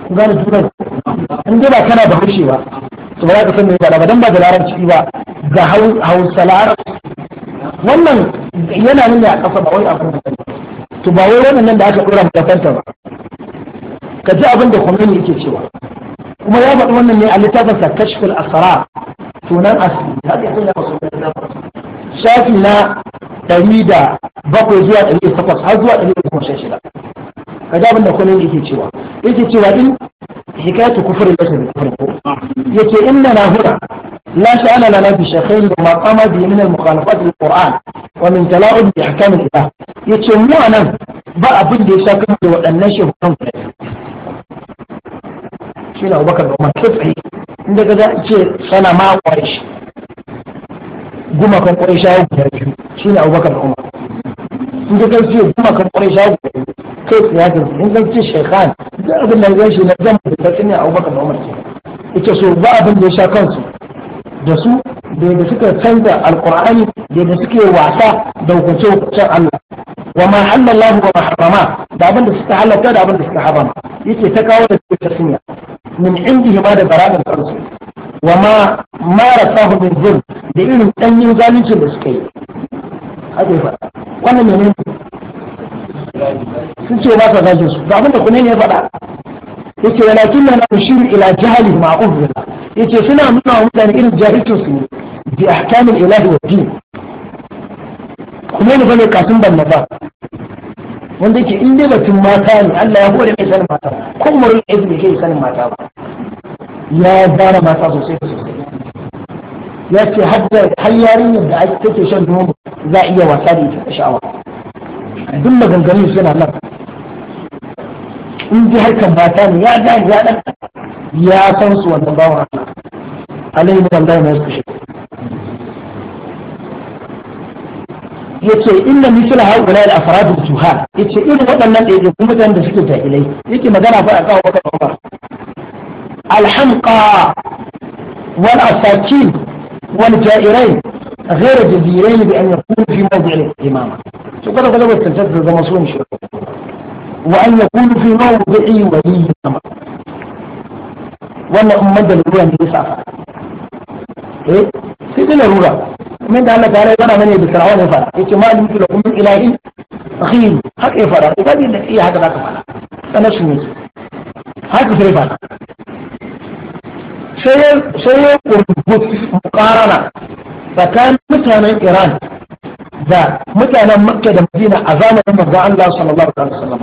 ba gane turan in dai ba kana ba haushe ba to ba za ka san me ya faɗa ba dan ba da larabci ba ga hausa larabci wannan yana nuna a ƙasa ba wai a kuma to ba wai wannan nan da aka ɗora matakanta ba ka ji abin da kwamini yake cewa kuma ya faɗi wannan ne a littafinsa kashful asara sunan asibiti haka ya sanya masu sunan shafi na ɗari da bakwai zuwa ɗari da takwas har zuwa ɗari da kuma sha shida ka abin da kwanan yake cewa yake cewa in hikayatu kufurin da shirin kufurin ko yake inna na hura la sha'ana lana bi shaykhain da ma qama bi min al mukhalafat al qur'an wa min tala'ud bi ahkam al ilah yace mu anan ba abin da ya sha kan da waɗannan shehukan ku shi na Abubakar da Umar kai tsaye inda ka za a ce sana ma ƙwarish gumakan ƙwarish ya guda biyu shi ne abubakar da umar in ka kai ce gumakan ƙwarish ya guda biyu kai tsiyatar in ka ce shekhan da abin da ya shi na zama da ta tsini abubakar da umar ke ita so ba abin da ya sha kansu da su da suka canza alƙur'ani da suke wasa da hukunce-hukuncen Allah wa ma halalla wa ma harama da abin da suka halatta da abin da suka harama yake ta kawo da suke ta sunya min indihi ba da baragar kansu wa ma mara sahu da irin danyen zalunci da suka yi haka ya faɗa wannan ne sun ce ba sa zagin ba abin da kuma ne ya faɗa yace walakin na nushiru ila jahli ma'ruf billah yace suna nuna wa mutane irin jahilcin su bi ahkamil ilahi wa din kuma ne bane kasin ban ba wanda yake in dai batun mata ne Allah ya hore mai sanin mata ko umarul ibn ke sanin mata ba ya zara mata sosai da sosai ya ce har yarinyar da ake take shan nono za iya wasa da ita sha'awa duk maganganun suna nan in ji harkar mata ne ya gani ya dan ya san su wannan bawan Allah alaihi wa sallam ya suka shi yace inna misla haula al afrad tuha yace irin waɗannan da yake kuma da suke jahilai yake magana fa akan wata baba alhamqa wal asakin wal jairai غير جديرين بأن يكون في موضع الإمامة سقط قلب التجدد زما سوين شو وأن يكون في موضع ولي أمر وأن أمد الولي أن يسافر eh sai da larura kuma da Allah tare yana mana da sarawa ne fara yace ma alimtu lakum min ilahin akhir haka ya fara ubadi da iya haka zaka fara sanar su ne haka sai fara sai ya sai ya kurbu tsakanin mutanen Iran da mutanen Makka da Madina a zamanin manzon Allah sallallahu alaihi wasallam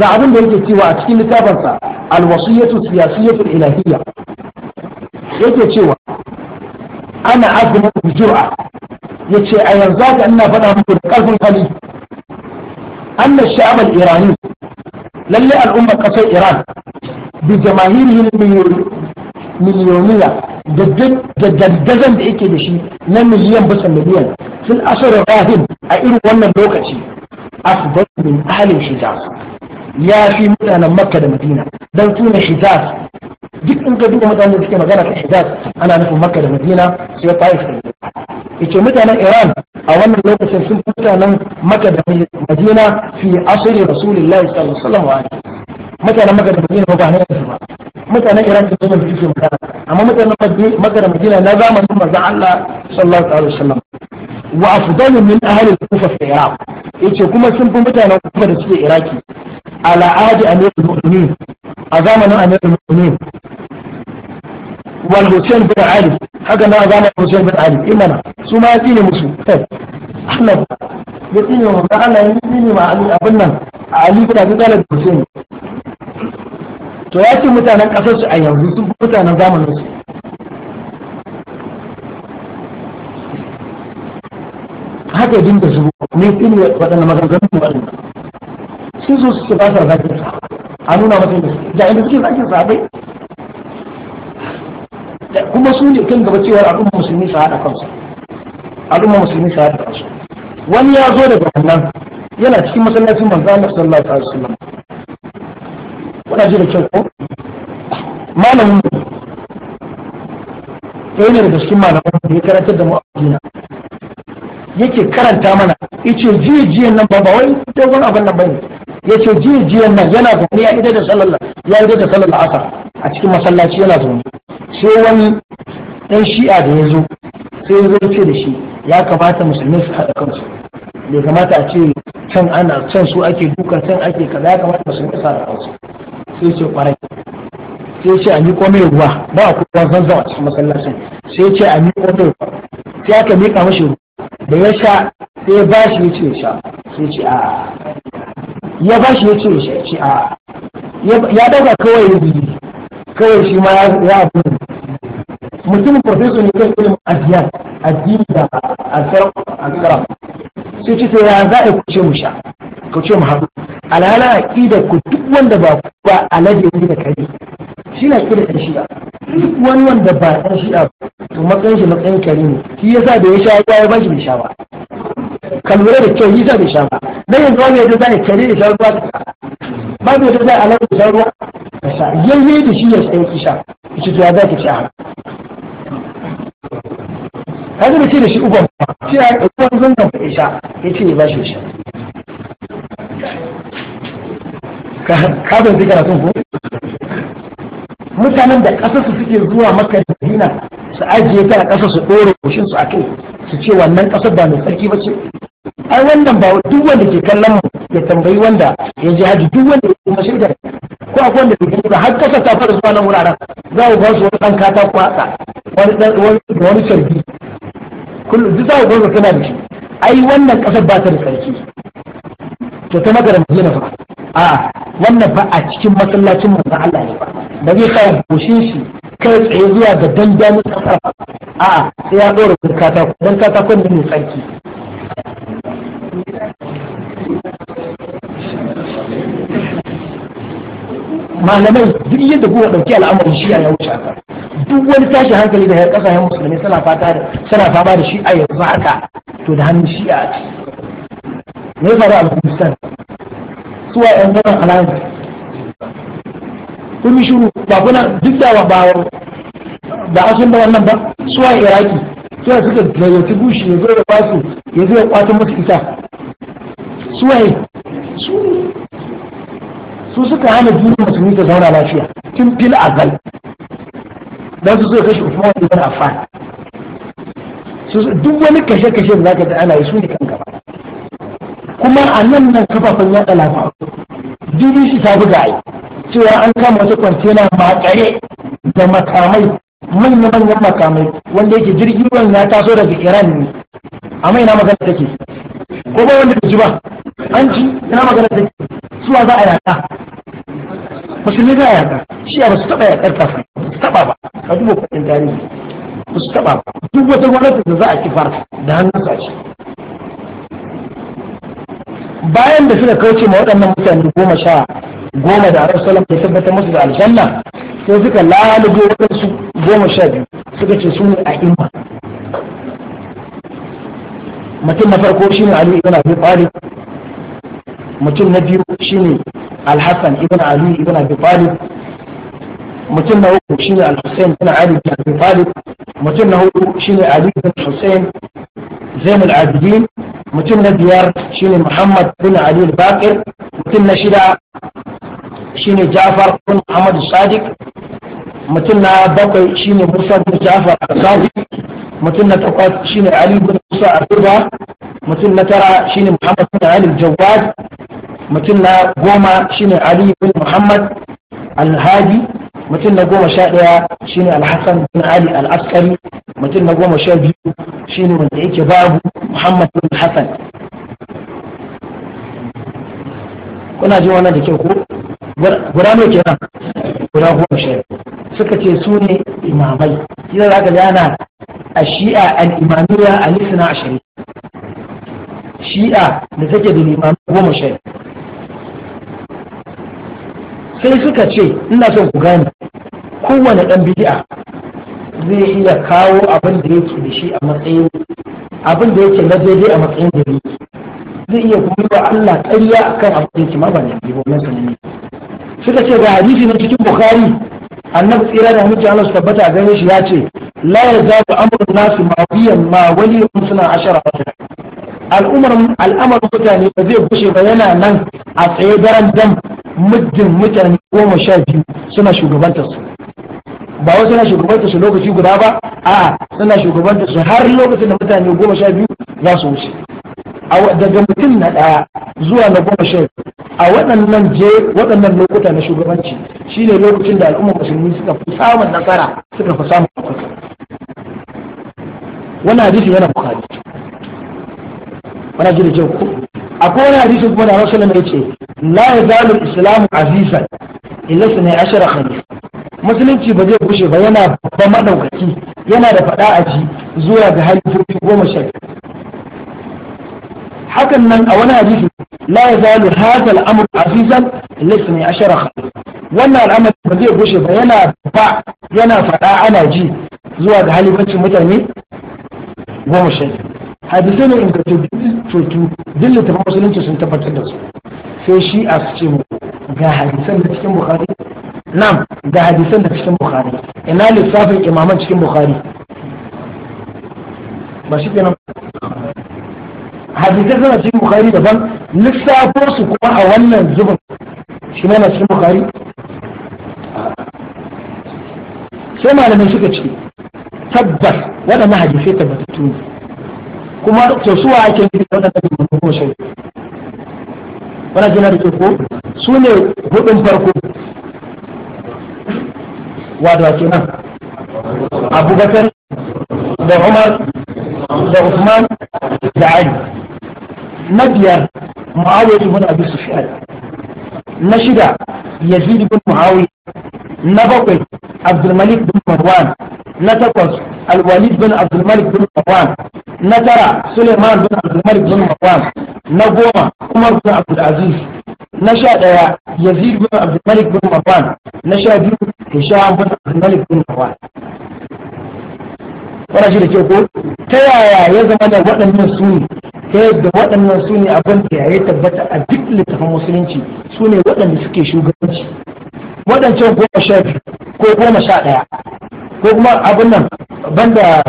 ga abin da yake cewa a cikin littafinsa al-wasiyatu siyasiyatu ilahiyya yake cewa ana azumin bi Ya yace a yanzu haka ina faɗa muku da ƙarfin hali anna sha'ab irani lalle al'ummar ƙasar iran bi jamahirihin miliyoniya da daddazan da yake da shi na miliyan bisa miliyan fil asirin rahim a irin wannan lokaci afdal min ahalin shizaz ya fi mutanen makka da madina don tuna shizaz duk in ka duba mutanen da suke magana ta hijaz ana nufin makka da madina sai ta'if yace mutanen iran a wannan lokacin sun mutanen makka da madina fi asiri rasulullahi sallallahu alaihi wasallam mutanen makka da madina ba ne su ba mutanen iran da zama da suke magana amma mutanen makka da madina na zamanin manzon Allah sallallahu alaihi wasallam wa afdalu min ahli al-kufa fi iraq yace kuma sun fi mutanen kuma da suke iraki ala ahdi amirul mu'minin a zamanin amirul mu'minin wal husayn bin ali haka na zama husayn bin ali imana su ma ya tsine musu eh, Allah ya tsine wa ga Allah ya tsine ma ali abin nan A ali bin abi talib husayn to ya ce mutanen kasar su a yanzu sun mutanen zamanin su haka yin da su ne tsini waɗanda maganganun su waɗanda sun zo su ba sa zakin a nuna masa da da inda suke zakin sa bai kuma su ne kan gaba cewa al'umma musulmi su haɗa kansu al'umma musulmi su haɗa kansu wani ya zo daga wannan yana cikin masallacin manzo Allah sallallahu alaihi wasallam wannan jira kyau ko malamin ɗaya ne daga cikin malamin da ya karantar da mu a yake karanta mana yace jiye jiyan nan ba ba wai dogon abin nan bane ya ce jijiyan nan yana zaune ya idar da sallar ya idar da sallar asar a cikin masallaci yana zaune sai wani dan shi'a da ya zo sai ya zo ce da shi ya kamata musulmi su haɗa kansu bai kamata a ce can ana can su ake duka can ake kaza ya kamata musulmi su haɗa kansu sai ce kwarai sai ce a miƙo mai ruwa ba a kuma zanzan a cikin masallacin sai ce a miƙo mai ruwa sai aka miƙa mashi ruwa da ya sha sai ba shi ya ce ya sha sai ce a ya ba shi ya ce shi a ya daga kawai ya biyu kawai shi ma ya abu mutum profesor ne kai ilimin adiyar addini da alkara sai ce ya za a kuce mu sha kuce mu haɗu alhala aƙida ku duk wanda ba ku ba alade ne da kai shi na aƙida ɗan shi'a duk wani wanda ba ɗan shi'a to matsayin shi matsayin kare ne shi sa da ya sha ya ba shi bai sha ba ka lura da kyau yi zai da shafa ba dan yanzu wani yadda za a kare da shan ruwa ba da yadda za a lalata da shan ruwa ka sha yayye da shi ya tsaye ki sha ki to ya za ki sha ka zama ce da shi uban shi ya uban zan ka sha ya ce ya ba shi sha ka ban zikara sun ko mutanen da ƙasa su suke zuwa maka dina su ajiye ta a ƙasa su ɗora kushin su a kai su ce wannan ƙasar ba mai tsarki ba ce ai wannan ba duk wanda ke kallon mu ya tambayi wanda ya ji haji duk wanda ya kuma shirya ko akwai wanda ya gani ba har ƙasar ta fara zuwa nan wuraren za ku ba su wani ɗan katako haka wani da wani sarki kullum duk za ku ba su kana da shi ai wannan ƙasar ba ta da tsarki to ta magana magarin na fa a wannan ba a cikin masallacin manzon Allah ne ba da zai kawo goshin shi kai tsaye zuwa ga dandamin kasar a sai ya dora da katako dan katako ne mai tsarki malamai duk yadda kuka dauki al'amarin shi a ya wuce haka duk wani tashi hankali da kasashen musulmi suna fata da suna fama da shi a yanzu haka to da hannun shi a ciki ne faru a Afghanistan suwa yan wurin alhaji kun shiru ba kuna da ba da asun da wannan ba suwa iraki sai suka gayyaci bushi ya zo da basu ya zo ya kwato musu ita suwa su suka hana jini musulmi ta zauna lafiya tun fil gal dan su suka kashe Uthman ibn Affan duk wani kashe-kashe da zaka da ana yi su ne kan gaba kuma a nan nan kafafen yaɗa labarai bbc ta buga yi cewa an kama wata kwantena makare da makamai manyan manyan makamai wanda yake jirgin ruwan ya taso daga iran ne a mai na magana take ko ba wanda ji ba an ci na magana take suwa za a yaka musulmi za a yaka shi a basu taɓa yakar kafa su taɓa ba ka duba kuɗin tarihi ba su taɓa ba duk wata gwamnati da za a kifar da hannun sashi bayan da suka kauce ma waɗannan mutane goma sha goma da Arab Salam ya tabbatar musu da aljanna sai suka lalubo waɗansu goma sha biyu suka ce su ne a imma mutum na farko shine Ali ibn Abi Talib mutum na biyu shine Al-Hassan ibn Ali ibn Abi Talib mutum na uku shine Al-Hussein ibn Ali ibn Abi Talib mutum na huɗu shine Ali ibn Hussein Zainul Abidin mutum na biyar shine muhammad bin ali al-baqir mutum na shida shine jafar bin muhammad sadiq mutum na bakwai shine musa bin jafar al-sadiq mutum na takwas shine ali bin musa al mutum na tara shine muhammad bin ali al-jawad mutum na goma shine ali bin muhammad al-hadi mutum na goma sha ɗaya shine alhassan bin ali al-askari mutum na goma sha biyu shine wanda yake babu muhammad bin hassan kuna ji wannan da kyau ko guda mai kenan guda goma sha suka ce su ne imamai idan za ka gana a shi'a al-imamiyya a lisina ashirin shi'a da take da limamai goma sha sai suka ce ina son ku gane kowane ɗan bidi'a. zai iya kawo abin da yake da shi a matsayin abin da yake na daidai a matsayin da yake zai iya kuma wa Allah ƙarya akan abin da yake ma ba da ba nan sanani suka ce ga hadisi na cikin bukhari annabi tsira da mutum Allah su tabbata gare shi ya ce la ku amru nasu ma biyan ma waliyun suna ashara al'umar al'amarin mutane ba zai bushe ba yana nan a tsaye daren dam muddin mutane goma sha biyu suna shugabantar su ba wai suna shugabantar lokaci guda ba a suna shugabantar su har lokacin da mutane goma sha biyu za su wuce daga mutum na daya zuwa na goma sha biyu a waɗannan je waɗannan lokuta na shugabanci shine lokacin da al'ummar musulmi suka fi samun nasara suka fi samun ɗaukaka wannan hadisi yana bukari wani hadisi da ko akwai wani hadisin kuma da rasulun ya ce la ya zalu islamu azizan illa sune ashara khalif musulunci ba zai gushe ba yana babban madaukaki yana da fada a ji zuwa ga halifofi goma sha hakan nan a wani hadisi la ya zalu hadha al-amr azizan illa sune ashara khalif wannan al'amari ba zai gushe ba yana ba yana fada ana ji zuwa ga halifacin mutane goma sha hadisai ne ingantattu duk littafin musulunci sun tabbatar da su sai shi a su ce mu ga hadisan da cikin bukhari nam ga hadisan da cikin bukhari ina lissafin imaman cikin bukhari ba shi kenan hadisai suna cikin bukhari daban lissafo su kuma a wannan zubin shi na cikin bukhari sai malamai suka ce tabbas waɗannan hadisai tabbatattu ne kuma to su wa ake nufi da wannan nabi ko shi wannan jina da ke ko su ne hudun farko wato kenan abubakar da umar da usman da ali na biyar muawiya ibn abi sufyan na shida yazid ibn muawiya na bakwai abdulmalik bin marwan na takwas alwalid bin abdulmalik bin marwan na tara Suleiman bin Abdulmalik bin Marwan na goma Umar bin Aziz na sha ɗaya Yazid bin Abdulmalik bin Marwan na sha biyu Hisham bin Abdulmalik bin Marwan wannan shi da ke ko ta yaya ya zama da waɗannan su ne ta yadda waɗannan su ne abin da ya tabbata a duk littafin musulunci su ne waɗanda suke shugabanci waɗancan goma sha biyu ko goma sha ɗaya ko kuma abin nan banda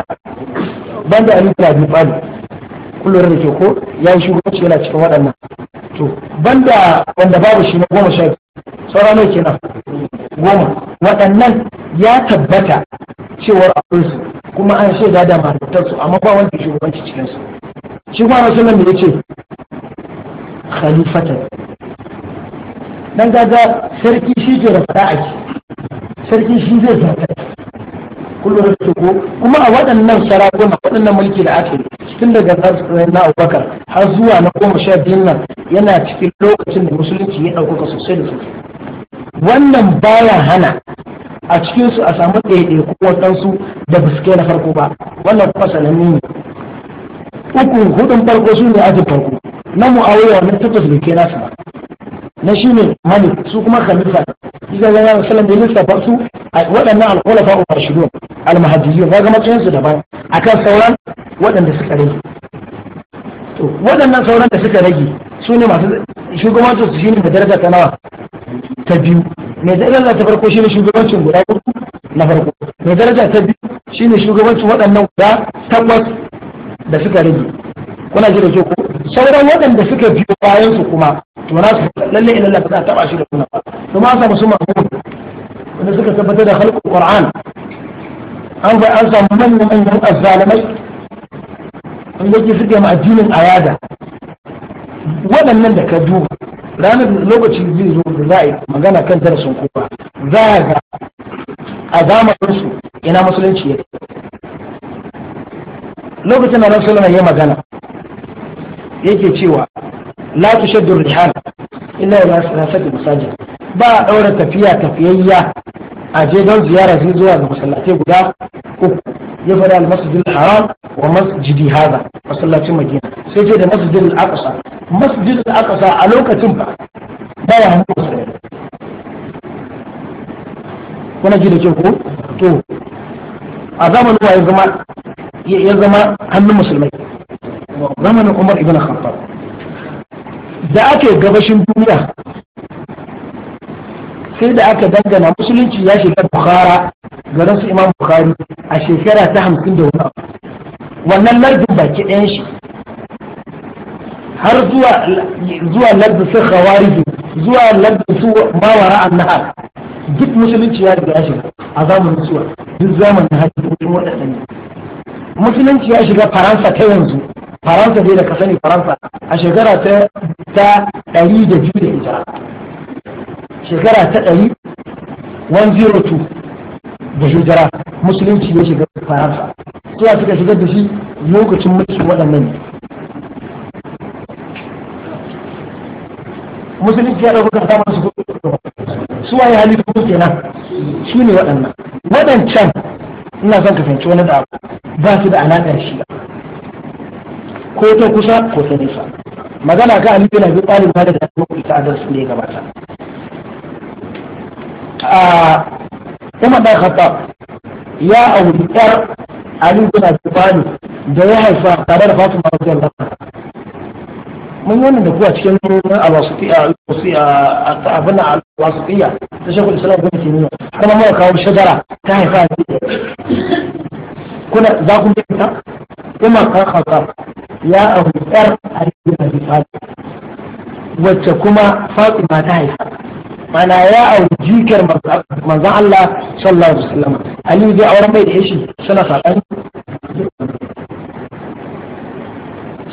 banda Ali bin Abi Talib kullum da ke ko ya yi shugabanci yana cikin waɗannan to banda wanda babu shi na goma sha saura ne kenan goma waɗannan ya tabbata cewar akwai kuma an shaida da da su amma ba wanda shugabanci cikin su shi kuma nan da ya ce khalifatan dan gaza sarki shi ke da fara sarki shi zai zartar kullum su ko kuma a waɗannan sarakuna waɗannan mulki da ake cikin daga zarfin na abubakar har zuwa na goma sha biyun nan yana cikin lokacin da musulunci ya ɗaukaka sosai da sosai wannan baya hana a cikinsu a samu ɗaiɗai ko waɗansu da ba su kai na farko ba wannan kuma sanannu ne uku hudun farko su ne ajin farko na mu'awiya na tabbas bai ke nasu ba na shi ne malik su kuma khalifa isa ya yana salam da lissafa su waɗannan al-khulafa ar-rashidun al-mahdiyun kaga matsayin su daban akan sauran waɗanda suka rage to waɗannan sauran da suka rage su ne masu shugabancin su shine da daraja ta nawa ta biyu me daraja ta farko shine shugabancin guda uku na farko me daraja ta biyu shine shugabancin waɗannan guda takwas da suka rage kuna ji da ke ko sauran waɗanda suka biyo bayan su kuma to na su lalle ila Allah ba za a taba shi da kuna ba to ma sa musu mahmud da suka tabbatar da halkul qur'an an ga an samu manyan manyan azzalamai wanda ke suke ma addinin ayada waɗannan da ka duba ranar lokaci zai zo da za a yi magana kan darasin kowa za a ga a zamanin su ina musulunci ya lokacin da rasulullah ya magana yake cewa la tushaddu rihal illa ila da masajid ba a ɗaura tafiya tafiyayya a je don ziyara sai zuwa ga masallatai guda uku ya fara al-masjidil haram wa masjidi haza masallacin madina sai je da masjidil aqsa masjidil aqsa a lokacin ba ba ya hannu musulmi kuna ji da ke ko to a zamanin wa ya zama ya zama hannun musulmai zamanin umar ibn khattab da ake gabashin duniya sai da aka dangana musulunci ya shiga bukhara garin su imam bukhari a shekara ta hamsin da wani wannan lardin baki ɗayan shi har zuwa zuwa lardin su khawariji zuwa lardin su mawara nahar, duk musulunci ya riga ya shiga a zamanin suwa duk zamanin hajji waɗannan ne musulunci ya shiga faransa ta yanzu faransa dai da ka sani faransa a shekara ta ɗari da biyu da hijira shekara ta ɗari 102 da hijira musulunci ya shiga faransa suna suka shigar da shi lokacin mulki waɗannan ne. musulunci ya ɗauka ta masu su waye hali halittu kenan su ne waɗannan waɗancan ina son ka fahimci wani da ba su da alaƙa shi ko ta kusa ko ta nisa magana ga Ali na biyu ɓalin ba da ta ita a darsu ne gabata kuma dan khattab ya auri yar ali bin abi talib da ya haifa tare da fatima radiyallahu anha mun wannan da kuwa cikin al-wasitiya a abin al-wasitiya ta shekul islam bin timiya kuma muka kawo shajara ta haifa a kuna za ku ta kuma kan khattab ya auri yar ali bin abi talib wacce kuma fatima ta haifa mana ya auki jikar manzan Allah sallallahu alaihi wasallam aliyu zai auren bai da shi suna saɓani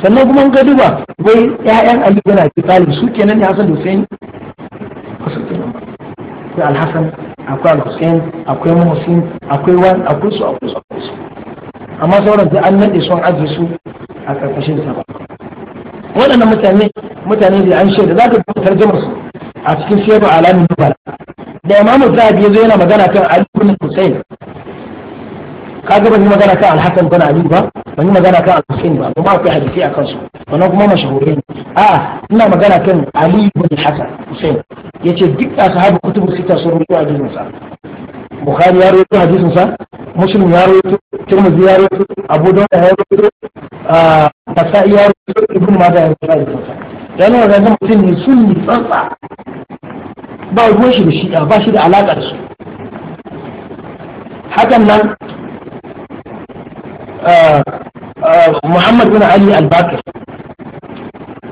sannan kuma ga duba wai ƴaƴan ali gana ki talib su kenan ne hasan da ko Al-Hasan akwai alhussein akwai muhsin akwai wan akwai su akwai su akwai su amma sauran da an nade sun ajiye su a karkashin sa waɗannan mutane mutane da an shaida za ka tarjama su a cikin shebu alamin nubala da imamu zahabi yazo yana magana kan ali ibn husayn kaga ban yi magana kan al-hasan bin ali ba ban yi magana kan al-husayn ba kuma akwai hadisi a kansu wannan kuma mashahurai ne a ina magana kan ali ibn hasan husayn yace duk ashabu kutubu sita sun rubuta hadisin sa bukhari ya rubuta hadisin sa muslim ya rubuta tirmidhi ya rubuta abu dawud ya rubuta ah, nasa'i ya rubuta ibn majah ya rubuta hadisin sa dan wannan mutum ne yi tsantsa ba ruwan shi da shi ba shi da alaƙar su hakan nan ah, ah, Muhammad bin Ali al-Bakir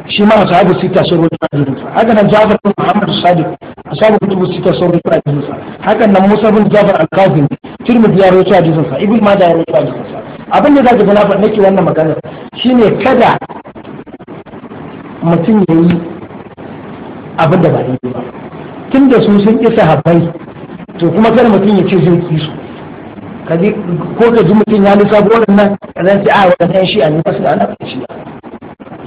shi ma ashabu sita sun rubuta hadisinsa hakan nan Jafar bin Muhammad Sadiq ashabu kutubu sita sun rubuta hadisinsa haka nan Musa bin Jafar al-Kazim Tirmidhi ya rubuta hadisinsa Ibn Majah ya rubuta hadisinsa abin da zaka ga na faɗa nake wannan magana shine kada mutum ya yi abin da ba daidai ba tun da su sun isa habai to kuma kar mutum ya ce zai ki su kaji ko ka ji mutum ya lissafi waɗannan kaza sai a ah, shi a ne wasu ana kan shi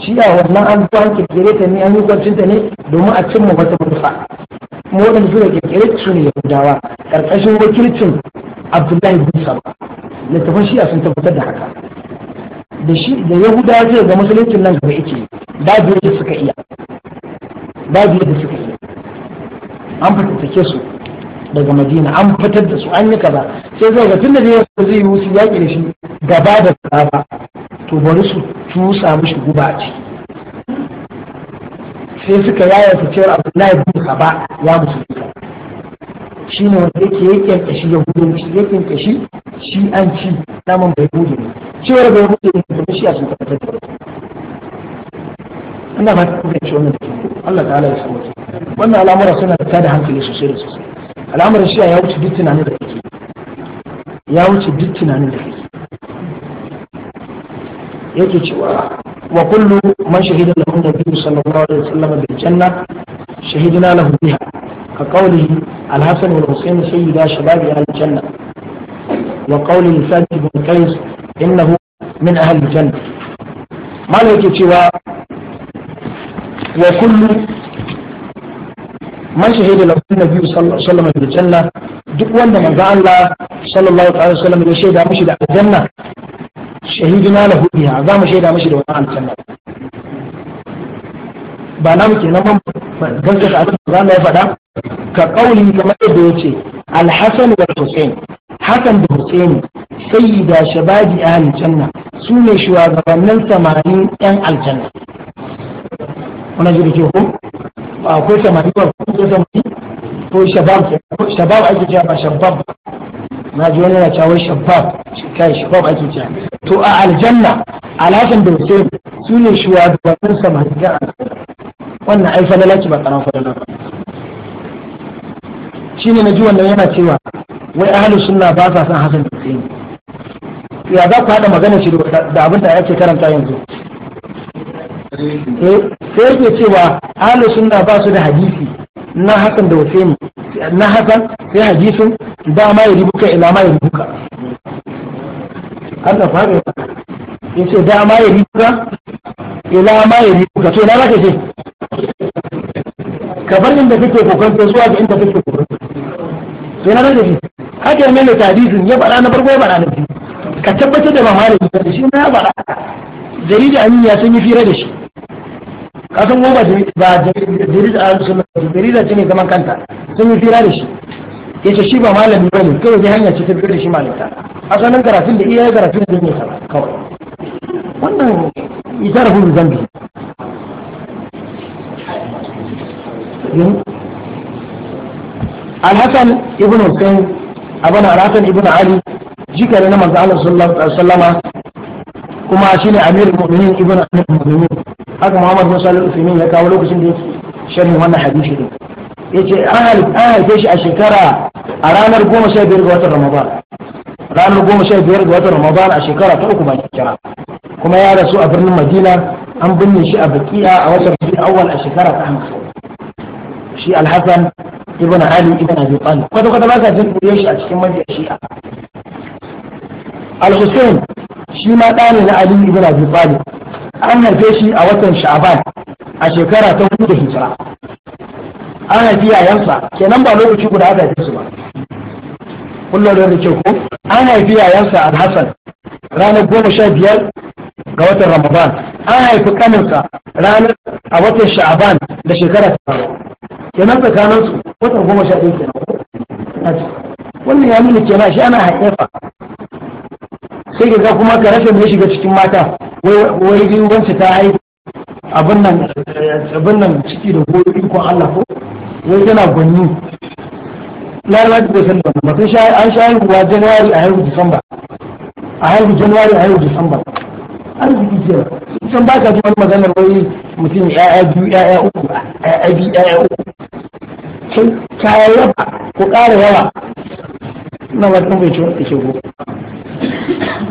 shi a wannan an zuwa kirkire ta ne an yi kwancinta ne domin a cimma wata manufa kuma waɗanda suka kirkire su ne yahudawa ƙarƙashin wakilcin abdullahi bin saba littafin shi'a sun tabbatar da haka da shi da yahuda zai ga musuluncin nan gaba yake babu yadda suka iya babu yadda suka iya an fatattake su daga madina an fitar da su an yi kaza sai zai ga tunda zai zai yi wuce yaƙi da shi gaba da gaba to bari su tusa mishi guba a ciki sai suka yaya su cewar yi bin ba ya musulunta shi ne wanda yake ya kyankashi yahudanci yake kyankashi shi an ci naman bai gudu ne cewar bai hudu da shi a sun tabbatar da ina ba ta kuma shi wannan Allah ta'ala ya sauke wannan al'amura suna da tada hankali sosai da sosai al'amuran shi ya wuce duk tunanin da kake ya wuce duk tunanin da kake yake cewa wa kullu man shahida lahu nabiyyu sallallahu alaihi wasallam bil janna shahidna lahu biha ka qawlihi al-hasan wal husayn sayyida shababi al-janna wa qawli sa'id ibn innahu min ahlil janna mala yake cewa wa kullu man shahida lahu annabi sallallahu alaihi wasallam bil janna duk wanda manzo Allah sallallahu alaihi wasallam ya shaida mishi da aljanna shahidina lahu biha za mu shaida mishi da wannan aljanna ba na muke na man gaskata abin da Allah ya faɗa ka kauli kamar yadda yace al-Hasan wa Hussein hakan da Hussein sai da shababi ahli janna su ne shugabannin samanin yan aljanna Wani ji ke ko akwai samari ba ko ko samari ko shabab shabab ake cewa ba shabab na ji wani yana cewa shabab kai shabab ake cewa to a aljanna alhassan da Hussein su ne shugabannin samanin yan aljanna wannan ai fadala ba karan fadala ba shine na ji wannan yana cewa wai ahalin sunna ba sa san hasan husaini ya za ku haɗa magana shi da abin da ake karanta yanzu eh, sai yake cewa ahalin sunna ba su da hadisi na hasan da husaini na hasan sai hadisin ba ma ya rubuka ila ma ya rubuka an da fara ce da ma ya rubuka ila ma ya rubuka to na ka ce ka bar inda kake kokon zuwa ga inda kake kokon Sai na zaka ce ka ke mai da hadisin ya faɗa na farko ya faɗa na biyu ka tabbatar da ba malami ba shi ma ya faɗa jarida amin ya san yi fira da shi ka san ko ba jarida a sunna jarida ce ne zaman kanta sun yi fira da shi ya ce shi ba malami ba ne kawai zai hanya ce ta fira da shi malamta asalin karatun da iya yi karatun da ne kawai wannan ita hudu zambi الحسن ابن القيم abin al-hasan ibn ali jika na manzo Allah sallallahu alaihi wasallama kuma shine amirul mu'minin ibn amirul mu'minin haka muhammad bin salih al-uthaymeen ya kawo lokacin da yake sharhin wannan hadisi din yace an haife shi a shekara a ranar goma sha biyar ga watan ramadan ranar goma sha biyar ga watan ramadan a shekara ta uku baki kira kuma ya rasu a birnin madina an binne shi a bakiya a watan biyu awal a shekara ta hamsin shi alhassan ibn ali ibn abi talib kwata kwata ba ka jin ɗuriyar shi a cikin mabiya shi'a al-hussein shi ma ɗa ne na ali ibn abi talib an haife shi a watan sha'aban a shekara ta hudu da hijira an haifi yayansa kenan ba lokaci guda aka haife su ba kullum da ke ko an haifi yayansa alhassan ranar goma sha biyar ga watan ramadan an haifi kaninsa ranar a watan sha'aban da shekara ta kenan tsakanin su wata goma sha ɗaya kenan wannan ya nuna kenan shi ana haƙefa. sai ga kuma ka rashin mai shiga cikin mata wai biyu wancan ta haifa abin nan ciki da goyi ikon Allah ko wai tana gwanni lalata da san gwanni ba sai an sha haihuwa januwari a haihu disamba a haihu januwari a yau disamba arziki jiya san ba ka ji wani maganar wai mutum ya'ya biyu ya'ya uku ya'ya biyu ya'ya uku sai kaya yawa ko ƙara yawa na wata bai ci wani ke ko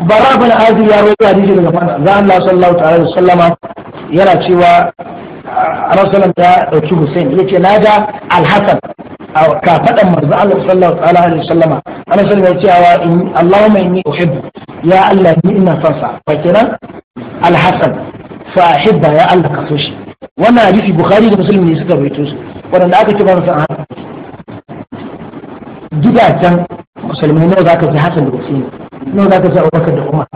bara bin azir ya rawaito hadisi daga fana za a Allah sallallahu tare da sallama yana cewa Rasulullah ta ɗauki Hussein yace na da Alhassan. a kafadan manzo Allah sallallahu alaihi wasallam ana sallallahu alaihi cewa in Allahumma inni uhibbu ya Allah ni ina son sa fa kenan al-hasan fa uhibba ya Allah ka shi wannan hadisi Bukhari da Muslim ne suka rawaito su wanda aka ce ba san gidajen musulmai nawa zaka ji Hassan da Hussein nawa zaka ji Abubakar da Umar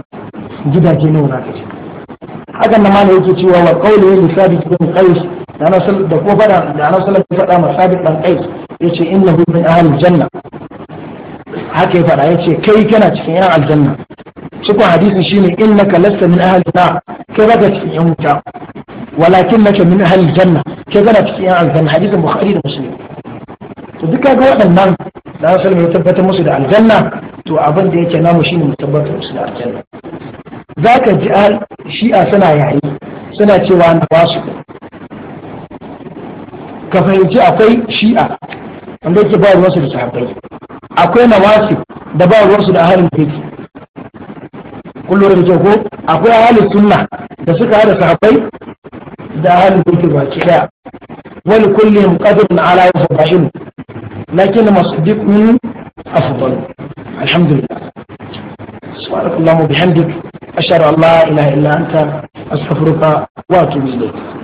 gidaje nawa zaka ji hakan nan malai yake cewa wa qawli li sabit da da ko da ce yace innahu min ahli janna haka ya faɗa ce kai kana cikin yan aljanna cikon hadisi shine innaka lasta min ahli na kai ba baka cikin yan wuta walakin naka min ahli janna kai kana cikin yan aljanna hadisin bukhari da muslim to duk kaga waɗannan da Rasul ya tabbata musu da aljanna to abin da yake namu shine mu tabbata musu da aljanna zaka ji al shi'a suna yayi suna cewa na basu ka fahimci akwai shi'a wanda ke ba ruwansu da sahabbai akwai nawasi da ba ruwansu da ahalin fiki kullum da ke ko akwai ahalin sunna da suka hada sahabbai da ahalin fiki ba ke daya wani kullum qadrun ala shi ne lakin masu masaddiq min afdal alhamdulillah سبحانك اللهم وبحمدك أشهد أن لا إله إلا أنت wa وأتوب إليك